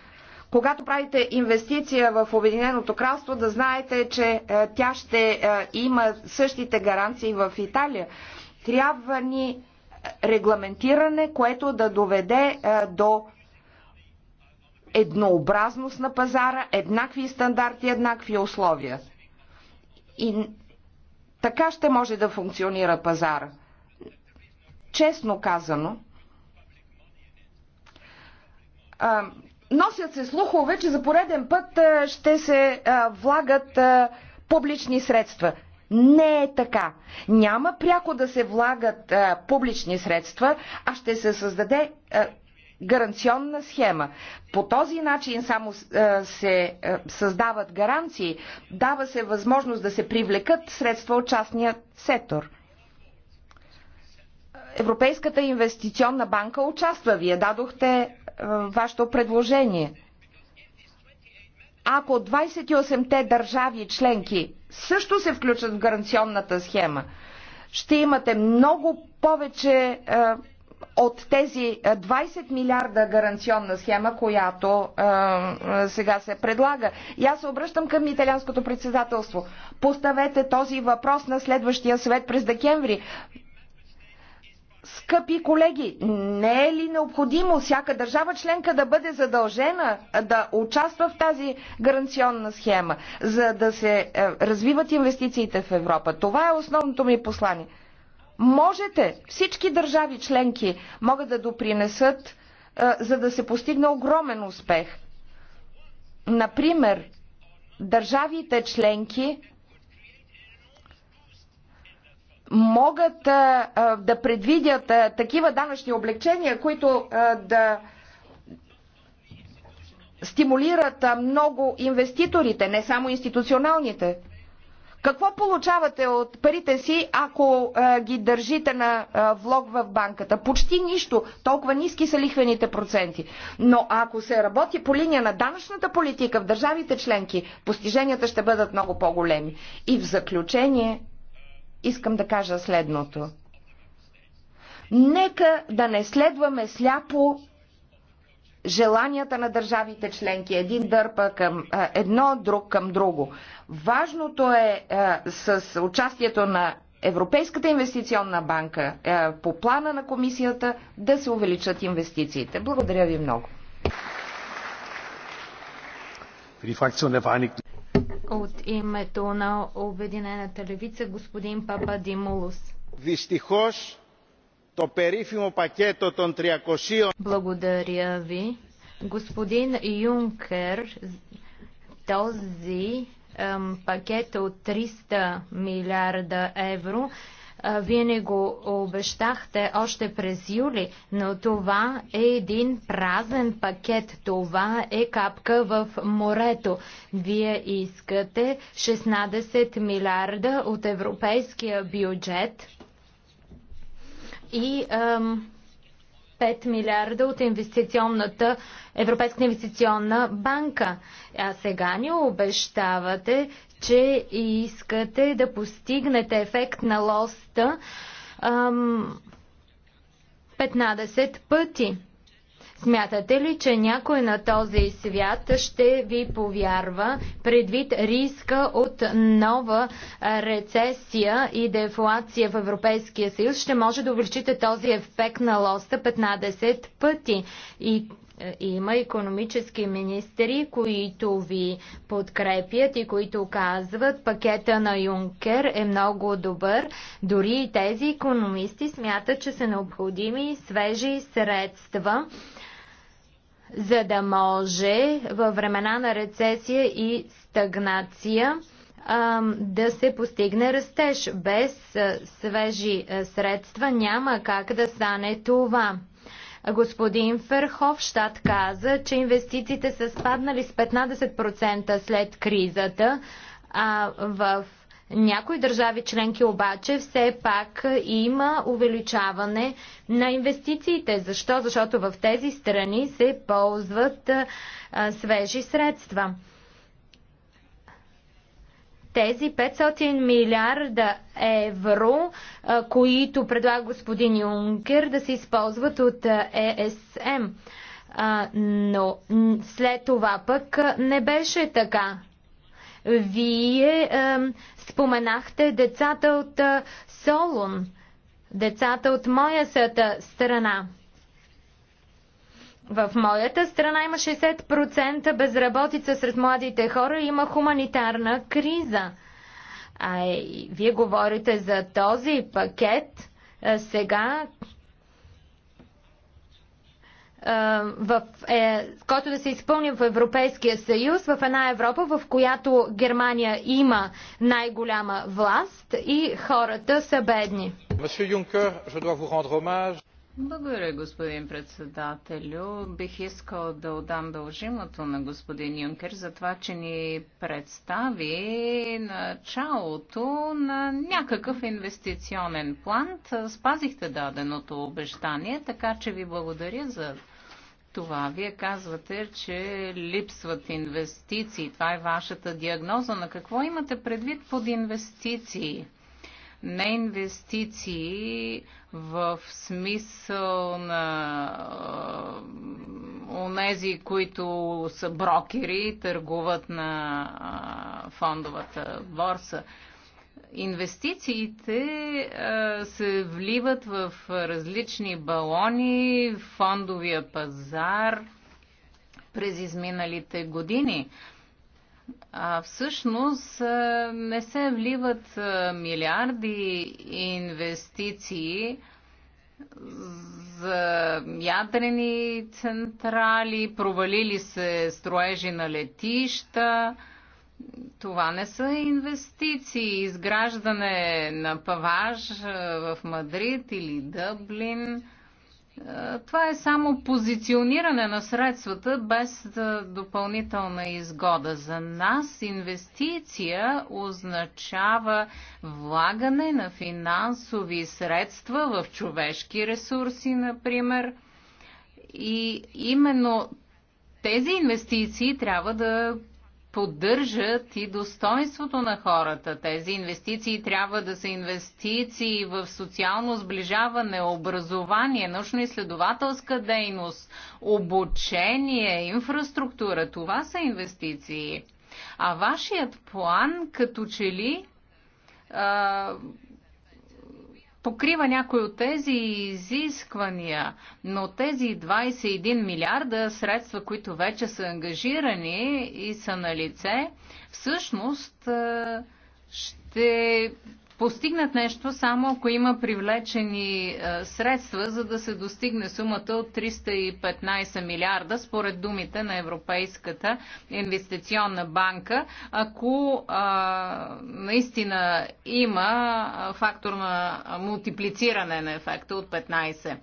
когато правите инвестиция в Обединеното кралство, да знаете, че е, тя ще е, има същите гаранции в Италия. Трябва ни е, регламентиране, което да доведе до еднообразност на пазара, еднакви стандарти, еднакви условия. И така ще може да функционира пазара. Честно казано, Носят се слухове, че за пореден път ще се влагат публични средства. Не е така. Няма пряко да се влагат публични средства, а ще се създаде гаранционна схема. По този начин само се създават гаранции, дава се възможност да се привлекат средства от частния сектор. Европейската инвестиционна банка участва. Вие дадохте е, вашето предложение. Ако 28-те държави членки също се включат в гаранционната схема, ще имате много повече е, от тези 20 е, милиарда гаранционна схема, която е, е, сега се предлага. И аз се обръщам към италианското председателство. Поставете този въпрос на следващия съвет през декември. Скъпи колеги, не е ли необходимо всяка държава членка да бъде задължена да участва в тази гаранционна схема, за да се е, развиват инвестициите в Европа? Това е основното ми послание. Можете, всички държави членки могат да допринесат, е, за да се постигне огромен успех. Например, държавите членки могат а, а, да предвидят а, такива данъчни облегчения, които а, да стимулират а, много инвеститорите, не само институционалните. Какво получавате от парите си, ако а, ги държите на а, влог в банката? Почти нищо. Толкова ниски са лихвените проценти. Но ако се работи по линия на данъчната политика в държавите членки, постиженията ще бъдат много по-големи. И в заключение, искам да кажа следното. Нека да не следваме сляпо желанията на държавите членки. Един дърпа към едно, друг към друго. Важното е с участието на Европейската инвестиционна банка по плана на комисията да се увеличат инвестициите. Благодаря ви много. От името на Обединената левица господин Папа Димулус. Δυστυχώς το περίφημο πακέτο των 300... Благодаря ви. Господин Юнкер, този ем, пакет от 300 милиарда евро вие не го обещахте още през юли, но това е един празен пакет. Това е капка в морето. Вие искате 16 милиарда от европейския бюджет и ам, 5 милиарда от инвестиционната, Европейска инвестиционна банка. А сега ни обещавате, че искате да постигнете ефект на лоста ам, 15 пъти. Смятате ли, че някой на този свят ще ви повярва предвид риска от нова рецесия и дефлация в Европейския съюз? Ще може да увеличите този ефект на лоста 15 пъти. И е, има економически министри, които ви подкрепят и които казват, пакета на Юнкер е много добър. Дори и тези економисти смятат, че са необходими свежи средства, за да може във времена на рецесия и стагнация да се постигне растеж. Без свежи средства няма как да стане това. Господин Ферховщад каза, че инвестициите са спаднали с 15% след кризата, а в някои държави членки обаче все пак има увеличаване на инвестициите. Защо? Защото в тези страни се ползват а, свежи средства тези 500 милиарда евро, които предлага господин Юнкер да се използват от ЕСМ. Но след това пък не беше така. Вие споменахте децата от Солун, децата от моя страна. В моята страна има 60% безработица сред младите хора и има хуманитарна криза. А е, вие говорите за този пакет а, сега, в, е, който да се изпълни в Европейския съюз, в една Европа, в която Германия има най-голяма власт и хората са бедни. Monsieur je dois vous благодаря, господин председателю. Бих искал да отдам дължимото на господин Юнкер за това, че ни представи началото на някакъв инвестиционен план. Спазихте даденото обещание, така че ви благодаря за това. Вие казвате, че липсват инвестиции. Това е вашата диагноза. На какво имате предвид под инвестиции? не инвестиции в смисъл на е, онези, които са брокери и търгуват на а, фондовата борса. Инвестициите а, е, се вливат в различни балони, фондовия пазар през изминалите години а, всъщност не се вливат милиарди инвестиции за ядрени централи, провалили се строежи на летища. Това не са инвестиции. Изграждане на паваж в Мадрид или Дъблин е, това е само позициониране на средствата без е, допълнителна изгода. За нас инвестиция означава влагане на финансови средства в човешки ресурси, например. И именно тези инвестиции трябва да поддържат и достоинството на хората. Тези инвестиции трябва да са инвестиции в социално сближаване, образование, научно-изследователска дейност, обучение, инфраструктура. Това са инвестиции. А вашият план като че ли а, покрива някои от тези изисквания, но тези 21 милиарда средства, които вече са ангажирани и са на лице, всъщност ще постигнат нещо само ако има привлечени е, средства, за да се достигне сумата от 315 милиарда, според думите на Европейската инвестиционна банка. Ако а, е, наистина има е, фактор на мултиплициране на ефекта от 15.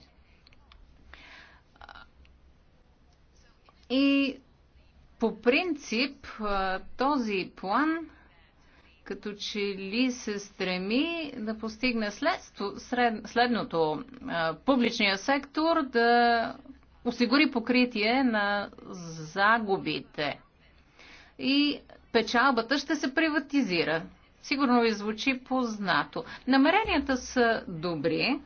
И по принцип този план като че ли се стреми да постигне следство, сред, следното. Публичния сектор да осигури покритие на загубите и печалбата ще се приватизира. Сигурно ви звучи познато. Намеренията са добри,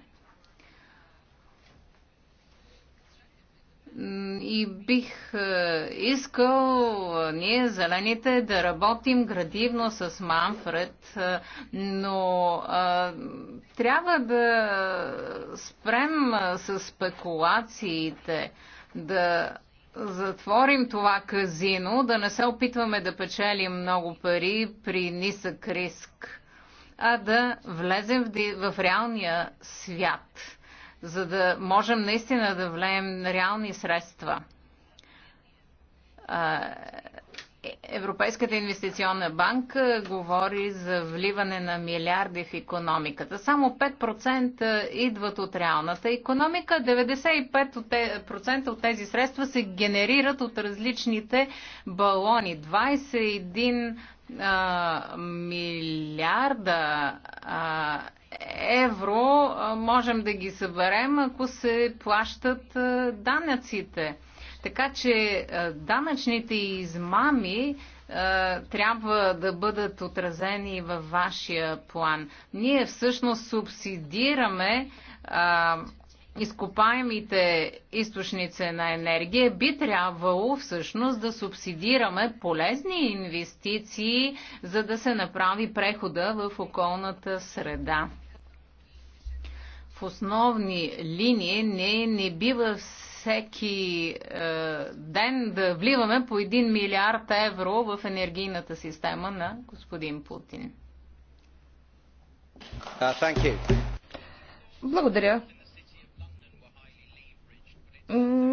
И бих е, искал е, ние, зелените, да работим градивно с Манфред, е, но трябва да спрем с спекулациите, да затворим това казино, да не се опитваме да печелим много пари при нисък риск, а да влезем в реалния свят за да можем наистина да влеем реални средства. Европейската инвестиционна банка говори за вливане на милиарди в економиката. Само 5% идват от реалната економика, 95% от тези средства се генерират от различните балони. 21 а, милиарда а, евро можем да ги съберем, ако се плащат данъците. Така че данъчните измами трябва да бъдат отразени във вашия план. Ние всъщност субсидираме изкопаемите източници на енергия, би трябвало всъщност да субсидираме полезни инвестиции, за да се направи прехода в околната среда основни линии, не, не бива всеки е, ден да вливаме по 1 милиард евро в енергийната система на господин Путин. Uh, Благодаря.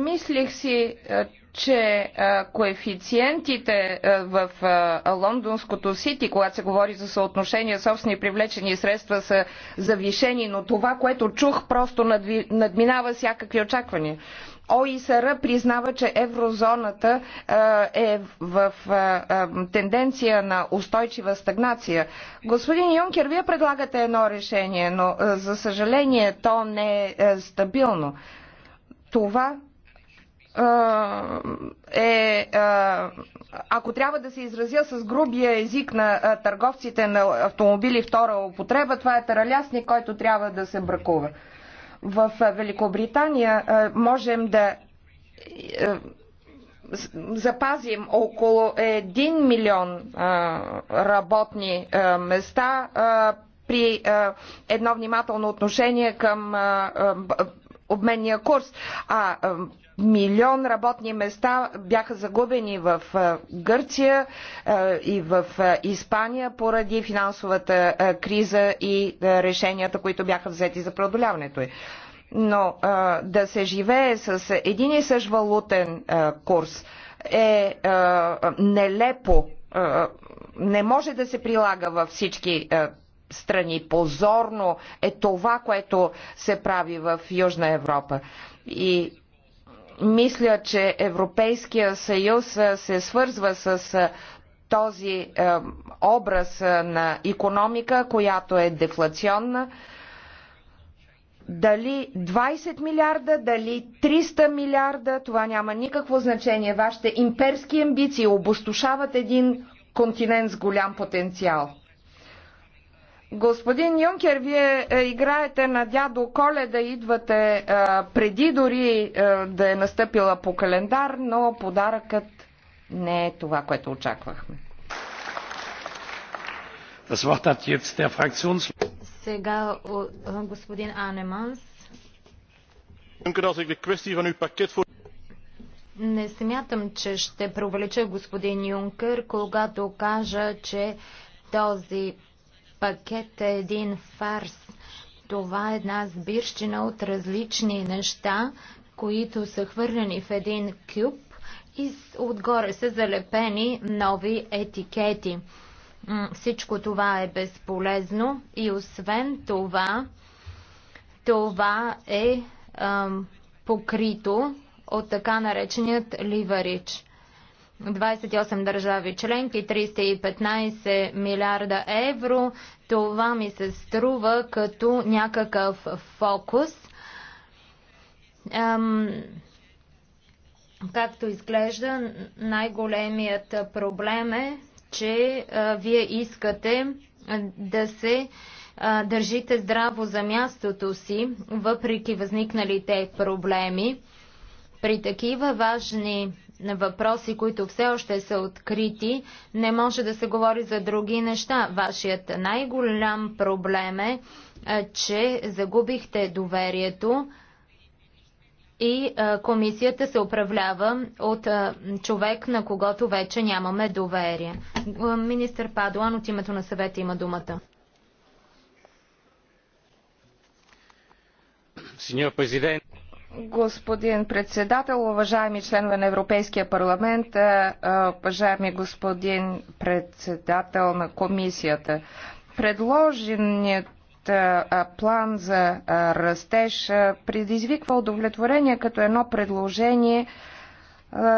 Мислих си, е, че коефициентите в лондонското Сити, когато се говори за съотношение собствени привлечени средства, са завишени, но това, което чух, просто надминава всякакви очаквания. ОИСР признава, че еврозоната е в тенденция на устойчива стагнация. Господин Юнкер, вие предлагате едно решение, но за съжаление то не е стабилно. Това е, ако трябва да се изразя с грубия език на търговците на автомобили втора употреба, това е таралясник, който трябва да се бракува. В Великобритания можем да запазим около 1 милион работни места при едно внимателно отношение към обменния курс. А милион работни места бяха загубени в Гърция и в Испания поради финансовата криза и решенията, които бяха взети за преодоляването й. Но да се живее с един и същ валутен курс е нелепо. Не може да се прилага във всички страни. Позорно е това, което се прави в Южна Европа. И мисля, че Европейския съюз се свързва с този образ на економика, която е дефлационна. Дали 20 милиарда, дали 300 милиарда, това няма никакво значение. Вашите имперски амбиции обостошават един континент с голям потенциал. Господин Юнкер, вие е, играете на дядо Коле да идвате е, преди дори е, да е настъпила по календар, но подаръкът не е това, което очаквахме. Сега господин Анеманс. Не смятам, че ще преувелича господин Юнкер, когато кажа, че този пакет е един фарс. Това е една сбирщина от различни неща, които са хвърлени в един кюб и отгоре са залепени нови етикети. Всичко това е безполезно и освен това, това е ам, покрито от така нареченият ливарич. 28 държави членки, 315 милиарда евро. Това ми се струва като някакъв фокус. Ам, както изглежда, най-големият проблем е, че а, вие искате да се а, държите здраво за мястото си, въпреки възникналите проблеми. При такива важни въпроси, които все още са открити, не може да се говори за други неща. Вашият най-голям проблем е, че загубихте доверието и комисията се управлява от човек, на когото вече нямаме доверие. Министър Падуан от името на съвета има думата. Сеньор президент, Господин председател, уважаеми членове на Европейския парламент, е, е, уважаеми господин председател на комисията, предложеният е, план за растеж предизвиква удовлетворение като едно предложение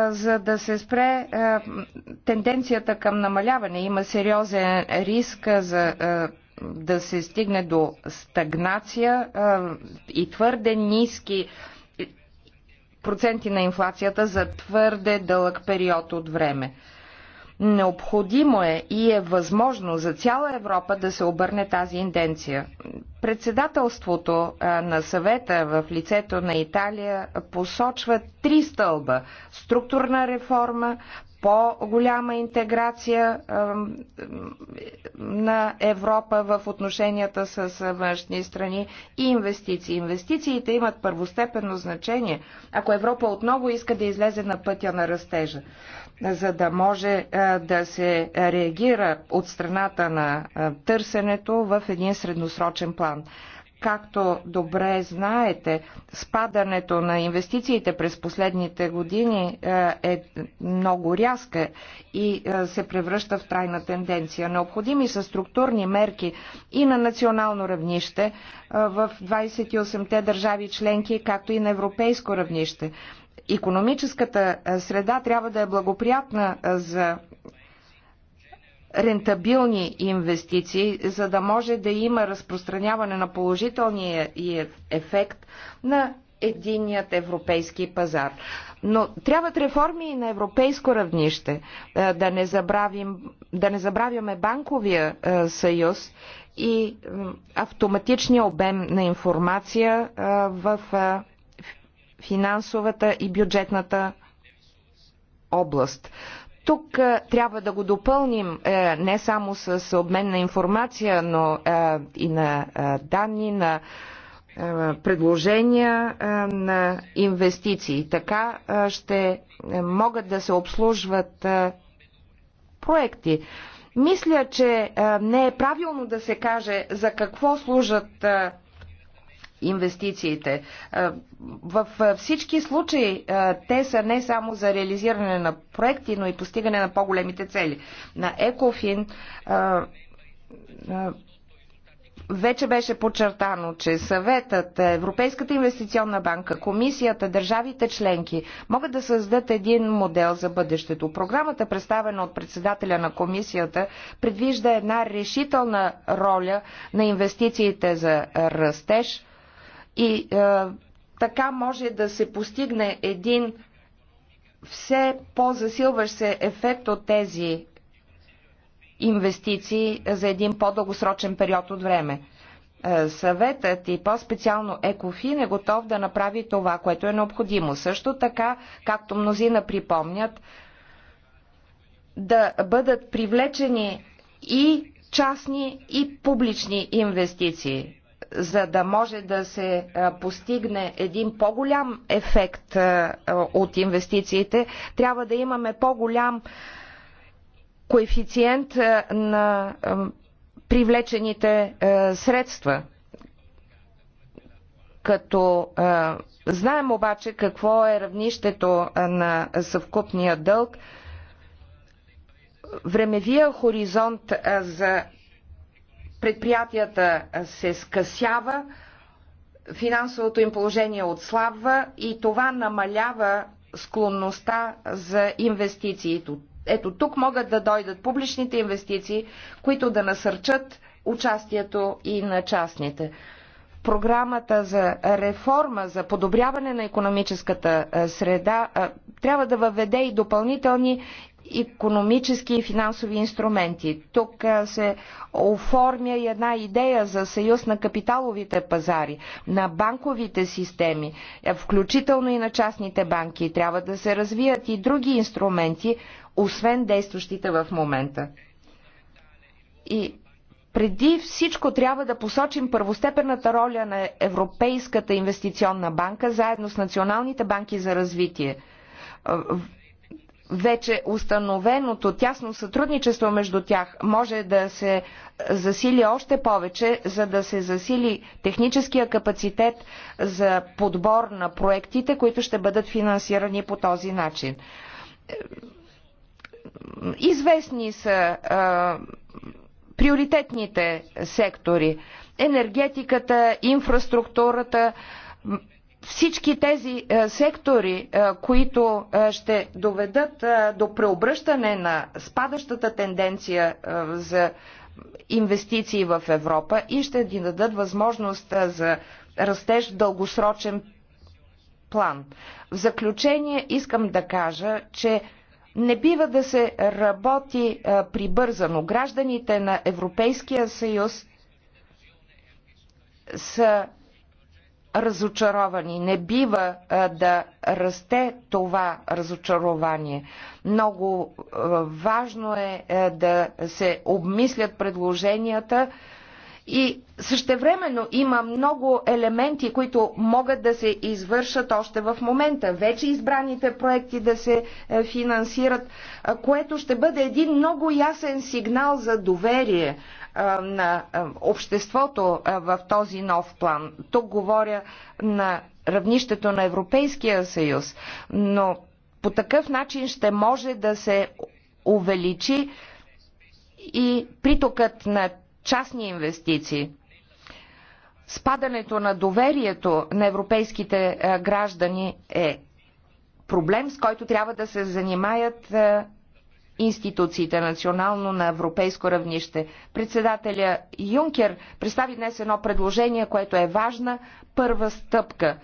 за да се спре тенденцията към намаляване. Има сериозен риск за да се стигне до стагнация и твърде ниски проценти на инфлацията за твърде дълъг период от време. Необходимо е и е възможно за цяла Европа да се обърне тази инденция. Председателството на съвета в лицето на Италия посочва три стълба – структурна реформа, по-голяма интеграция на Европа в отношенията с външни страни и инвестиции. Инвестициите имат първостепенно значение, ако Европа отново иска да излезе на пътя на растежа, за да може да се реагира от страната на търсенето в един средносрочен план. Както добре знаете, спадането на инвестициите през последните години е, е много рязка и е, се превръща в трайна тенденция. Необходими са структурни мерки и на национално равнище е, в 28-те държави членки, както и на европейско равнище. Економическата среда трябва да е благоприятна за рентабилни инвестиции, за да може да има разпространяване на положителния ефект на единният европейски пазар. Но трябват реформи и на европейско равнище. Е, да не, забравим, да не забравяме банковия е, съюз и автоматичния обем на информация е, в финансовата и бюджетната област. Тук е, трябва да го допълним е, не само с обмен на информация, но е, и на данни, на предложения на инвестиции. Така ще могат да се обслужват проекти. Мисля, че не е правилно да се каже за какво служат инвестициите. Във е, е, всички случаи е, те са не само за реализиране на проекти, но и постигане на по-големите цели. На Екофин вече беше подчертано, че съветът, Европейската инвестиционна банка, комисията, държавите членки могат да създадат един модел за бъдещето. Програмата, представена от председателя на комисията, предвижда една решителна роля на инвестициите за растеж – и е, така може да се постигне един все по-засилващ се ефект от тези инвестиции за един по-дългосрочен период от време. Е, съветът и по-специално Екофин е готов да направи това, което е необходимо. Също така, както мнозина припомнят, да бъдат привлечени и частни и публични инвестиции за да може да се постигне един по-голям ефект от инвестициите, трябва да имаме по-голям коефициент на привлечените средства. Като знаем обаче какво е равнището на съвкупния дълг, времевия хоризонт за предприятията се скъсява, финансовото им положение отслабва и това намалява склонността за инвестиции. Ето тук могат да дойдат публичните инвестиции, които да насърчат участието и на частните. Програмата за реформа, за подобряване на економическата среда трябва да въведе и допълнителни економически и финансови инструменти. Тук се оформя и една идея за съюз на капиталовите пазари, на банковите системи, включително и на частните банки. Трябва да се развият и други инструменти, освен действащите в момента. И преди всичко трябва да посочим първостепенната роля на Европейската инвестиционна банка заедно с националните банки за развитие вече установеното тясно сътрудничество между тях може да се засили още повече, за да се засили техническия капацитет за подбор на проектите, които ще бъдат финансирани по този начин. Известни са а, приоритетните сектори енергетиката, инфраструктурата, всички тези е, сектори, е, които е, ще доведат до преобръщане на спадащата тенденция за инвестиции в Европа и ще ни дадат възможност за растеж в дългосрочен план. В заключение искам да кажа, че не бива да се работи прибързано. Гражданите на Европейския съюз са разочаровани. Не бива да расте това разочарование. Много важно е да се обмислят предложенията и същевременно има много елементи, които могат да се извършат още в момента. Вече избраните проекти да се финансират, което ще бъде един много ясен сигнал за доверие на обществото в този нов план. Тук говоря на равнището на Европейския съюз, но по такъв начин ще може да се увеличи и притокът на частни инвестиции. Спадането на доверието на европейските граждани е проблем, с който трябва да се занимаят институциите национално на европейско равнище. Председателя Юнкер представи днес едно предложение, което е важна първа стъпка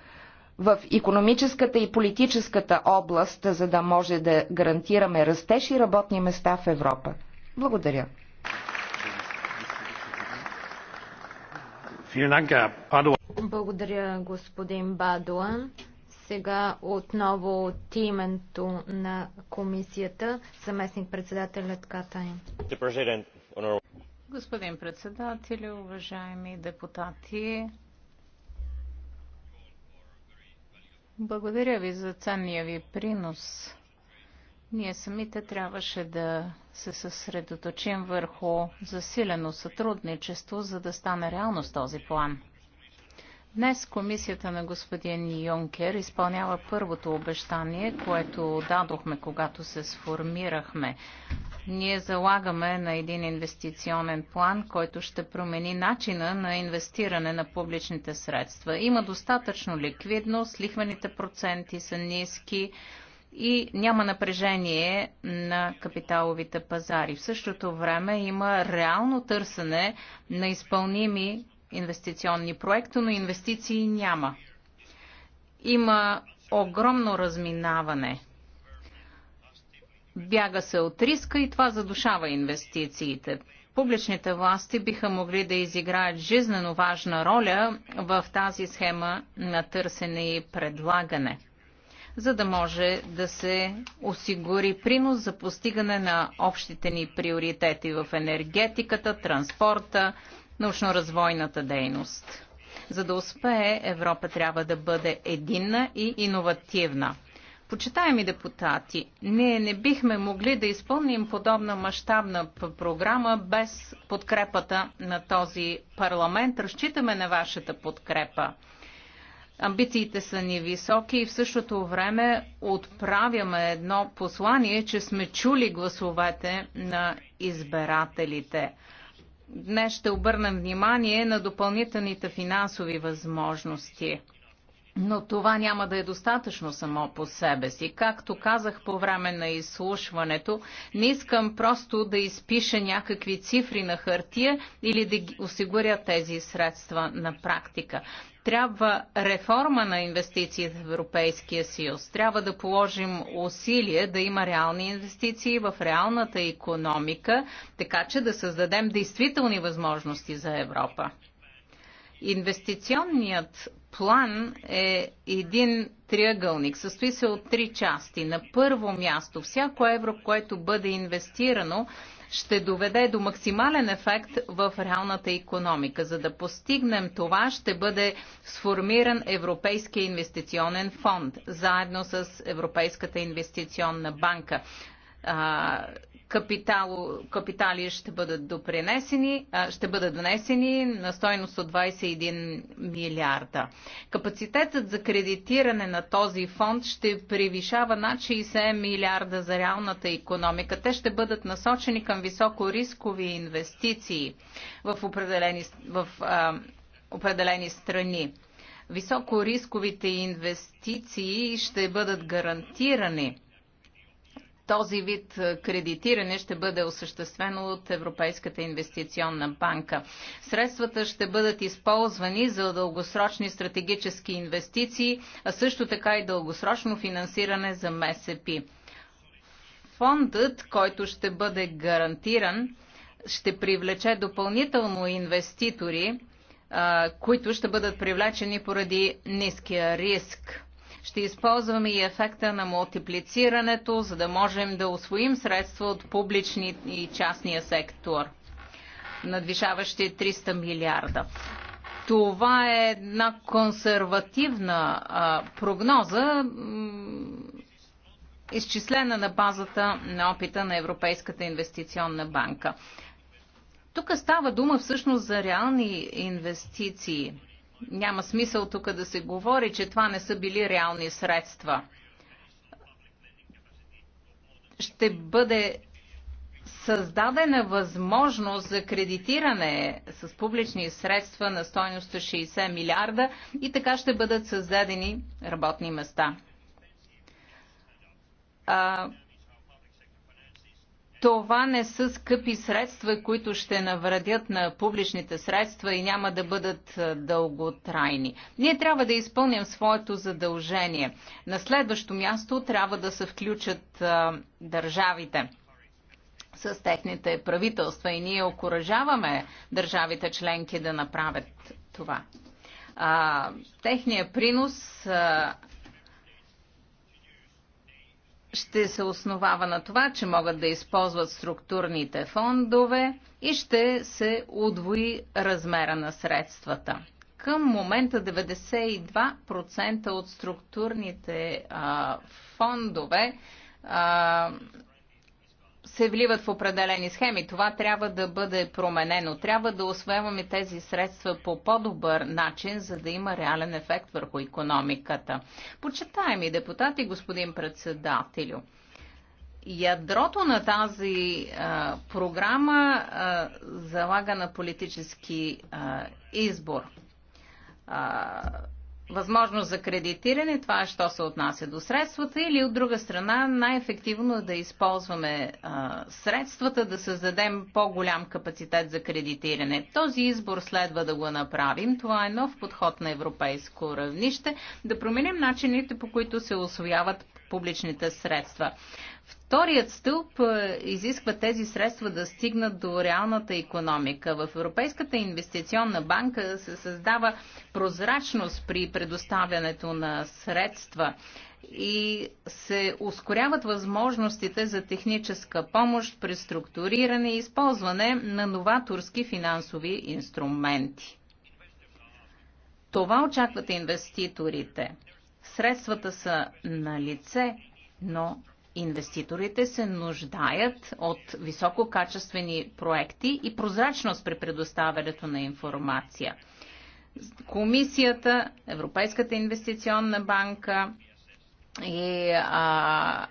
в економическата и политическата област, за да може да гарантираме растеж и работни места в Европа. Благодаря. Благодаря, господин Бадуан. Сега отново от името на комисията, съместник председателят Катайн. Господин председател, уважаеми депутати, благодаря ви за ценния ви принос. Ние самите трябваше да се съсредоточим върху засилено сътрудничество, за да стане реалност този план. Днес комисията на господин Юнкер изпълнява първото обещание, което дадохме, когато се сформирахме. Ние залагаме на един инвестиционен план, който ще промени начина на инвестиране на публичните средства. Има достатъчно ликвидност, лихвените проценти са ниски и няма напрежение на капиталовите пазари. В същото време има реално търсене на изпълними инвестиционни проекти, но инвестиции няма. Има огромно разминаване. Бяга се от риска и това задушава инвестициите. Публичните власти биха могли да изиграят жизнено важна роля в тази схема на търсене и предлагане, за да може да се осигури принос за постигане на общите ни приоритети в енергетиката, транспорта, научно-развойната дейност. За да успее, Европа трябва да бъде единна и иновативна. Почитаеми депутати, ние не бихме могли да изпълним подобна мащабна програма без подкрепата на този парламент. Разчитаме на вашата подкрепа. Амбициите са ни високи и в същото време отправяме едно послание, че сме чули гласовете на избирателите. Днес ще обърнем внимание на допълнителните финансови възможности. Но това няма да е достатъчно само по себе си. Както казах по време на изслушването, не искам просто да изпиша някакви цифри на хартия или да ги осигуря тези средства на практика. Трябва реформа на инвестициите в Европейския съюз. Трябва да положим усилие да има реални инвестиции в реалната економика, така че да създадем действителни възможности за Европа. Инвестиционният план е един триъгълник. Състои се от три части. На първо място, всяко евро, което бъде инвестирано, ще доведе до максимален ефект в реалната економика. За да постигнем това, ще бъде сформиран Европейския инвестиционен фонд, заедно с Европейската инвестиционна банка капитало, капитали ще бъдат допринесени, ще бъдат донесени на стойност от 21 милиарда. Капацитетът за кредитиране на този фонд ще превишава над 60 милиарда за реалната економика. Те ще бъдат насочени към високо рискови инвестиции в определени, в, а, определени страни. Високо рисковите инвестиции ще бъдат гарантирани този вид е, кредитиране ще бъде осъществено от Европейската инвестиционна банка. Средствата ще бъдат използвани за дългосрочни стратегически инвестиции, а също така и дългосрочно финансиране за МСП. Фондът, който ще бъде гарантиран, ще привлече допълнително инвеститори, които ще бъдат привлечени поради ниския риск. Ще използваме и ефекта на мултиплицирането, за да можем да освоим средства от публични и частния сектор, надвишаващи 300 милиарда. Това е една консервативна а, прогноза, изчислена на базата на опита на Европейската инвестиционна банка. Тук става дума всъщност за реални инвестиции. Няма смисъл тук да се говори, че това не са били реални средства. Ще бъде създадена възможност за кредитиране с публични средства на стойност 60 милиарда и така ще бъдат създадени работни места. А, това не са скъпи средства, които ще навредят на публичните средства и няма да бъдат дълготрайни. Ние трябва да изпълним своето задължение. На следващо място трябва да се включат а, държавите с техните правителства и ние окоръжаваме държавите членки да направят това. А, техният принос а, ще се основава на това, че могат да използват структурните фондове и ще се удвои размера на средствата. Към момента 92% от структурните а, фондове а, се вливат в определени схеми. Това трябва да бъде променено. Трябва да освояваме тези средства по по-добър начин, за да има реален ефект върху економиката. Почитаеми депутати, господин председателю, ядрото на тази а, програма а, залага на политически а, избор. А, възможност за кредитиране, това е що се отнася до средствата, или от друга страна най-ефективно е да използваме а, средствата, да създадем по-голям капацитет за кредитиране. Този избор следва да го направим. Това е нов подход на европейско равнище, да променим начините по които се освояват публичните средства. Вторият стълб е, изисква тези средства да стигнат до реалната економика. В Европейската инвестиционна банка се създава прозрачност при предоставянето на средства и се ускоряват възможностите за техническа помощ, структуриране и използване на новаторски финансови инструменти. Това очакват инвеститорите. Средствата са на лице, но инвеститорите се нуждаят от висококачествени проекти и прозрачност при предоставянето на информация. Комисията, Европейската инвестиционна банка и а,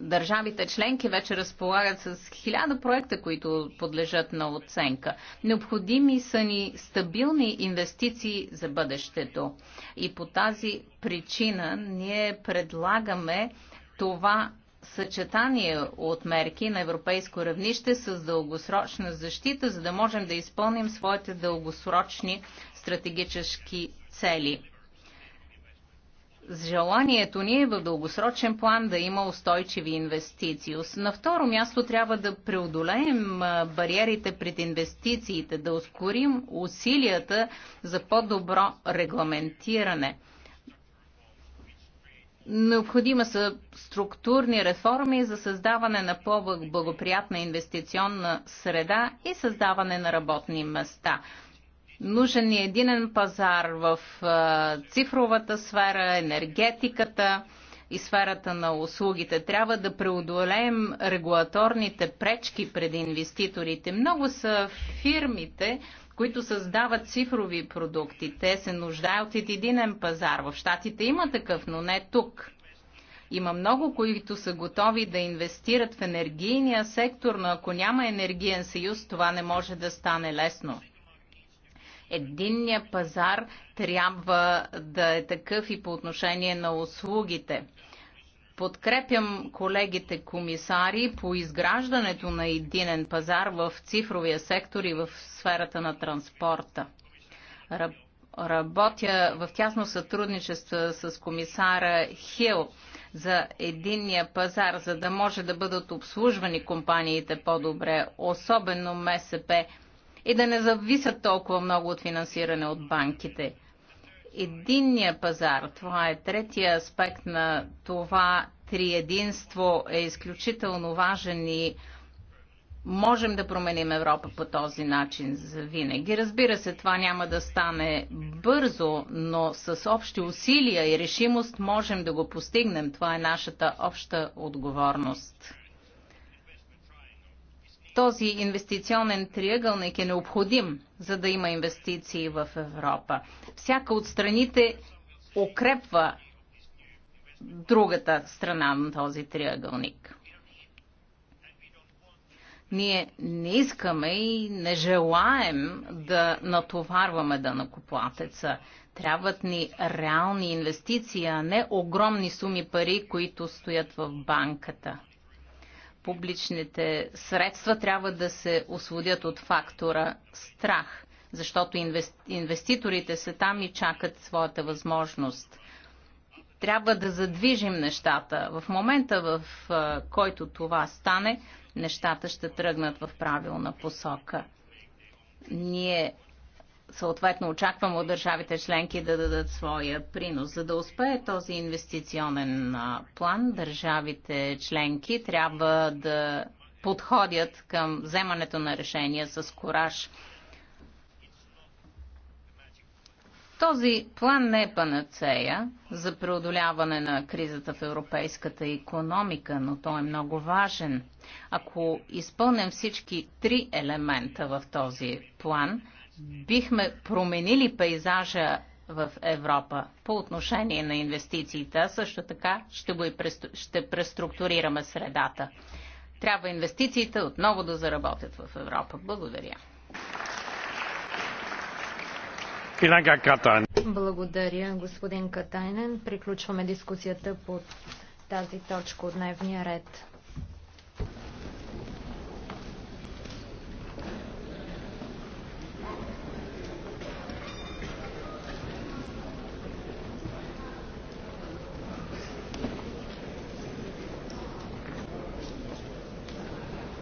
държавите членки вече разполагат с хиляда проекта, които подлежат на оценка. Необходими са ни стабилни инвестиции за бъдещето. И по тази причина ние предлагаме това съчетание от мерки на европейско равнище с дългосрочна защита, за да можем да изпълним своите дългосрочни стратегически цели. Желанието ни е в дългосрочен план да има устойчиви инвестиции. На второ място трябва да преодолеем бариерите пред инвестициите, да ускорим усилията за по-добро регламентиране – Необходима са структурни реформи за създаване на по-благоприятна инвестиционна среда и създаване на работни места. Нужен е единен пазар в цифровата сфера, енергетиката и сферата на услугите. Трябва да преодолеем регулаторните пречки пред инвеститорите. Много са фирмите, които създават цифрови продукти. Те се нуждаят от единен пазар. В Штатите има такъв, но не тук. Има много, които са готови да инвестират в енергийния сектор, но ако няма енергиен съюз, това не може да стане лесно. Единният пазар трябва да е такъв и по отношение на услугите. Подкрепям колегите комисари по изграждането на единен пазар в цифровия сектор и в сферата на транспорта. Работя в тясно сътрудничество с комисара Хил за единния пазар, за да може да бъдат обслужвани компаниите по-добре, особено МСП, и да не зависят толкова много от финансиране от банките – единния пазар, това е третия аспект на това триединство, е изключително важен и можем да променим Европа по този начин за винаги. Разбира се, това няма да стане бързо, но с общи усилия и решимост можем да го постигнем. Това е нашата обща отговорност. Този инвестиционен триъгълник е необходим, за да има инвестиции в Европа. Всяка от страните укрепва другата страна на този триъгълник. Ние не искаме и не желаем да натоварваме накоплатеца. Трябват ни реални инвестиции, а не огромни суми пари, които стоят в банката публичните средства трябва да се освободят от фактора страх, защото инвеститорите са там и чакат своята възможност. Трябва да задвижим нещата. В момента, в който това стане, нещата ще тръгнат в правилна посока. Ние съответно очаквам от държавите членки да дадат своя принос. За да успее този инвестиционен план, държавите членки трябва да подходят към вземането на решения с кораж. Този план не е панацея за преодоляване на кризата в европейската економика, но той е много важен. Ако изпълним всички три елемента в този план – бихме променили пейзажа в Европа по отношение на инвестициите, също така ще, го и престу... ще преструктурираме средата. Трябва инвестициите отново да заработят в Европа. Благодаря. Благодаря, господин Катайнен. Приключваме дискусията по тази точка от дневния ред.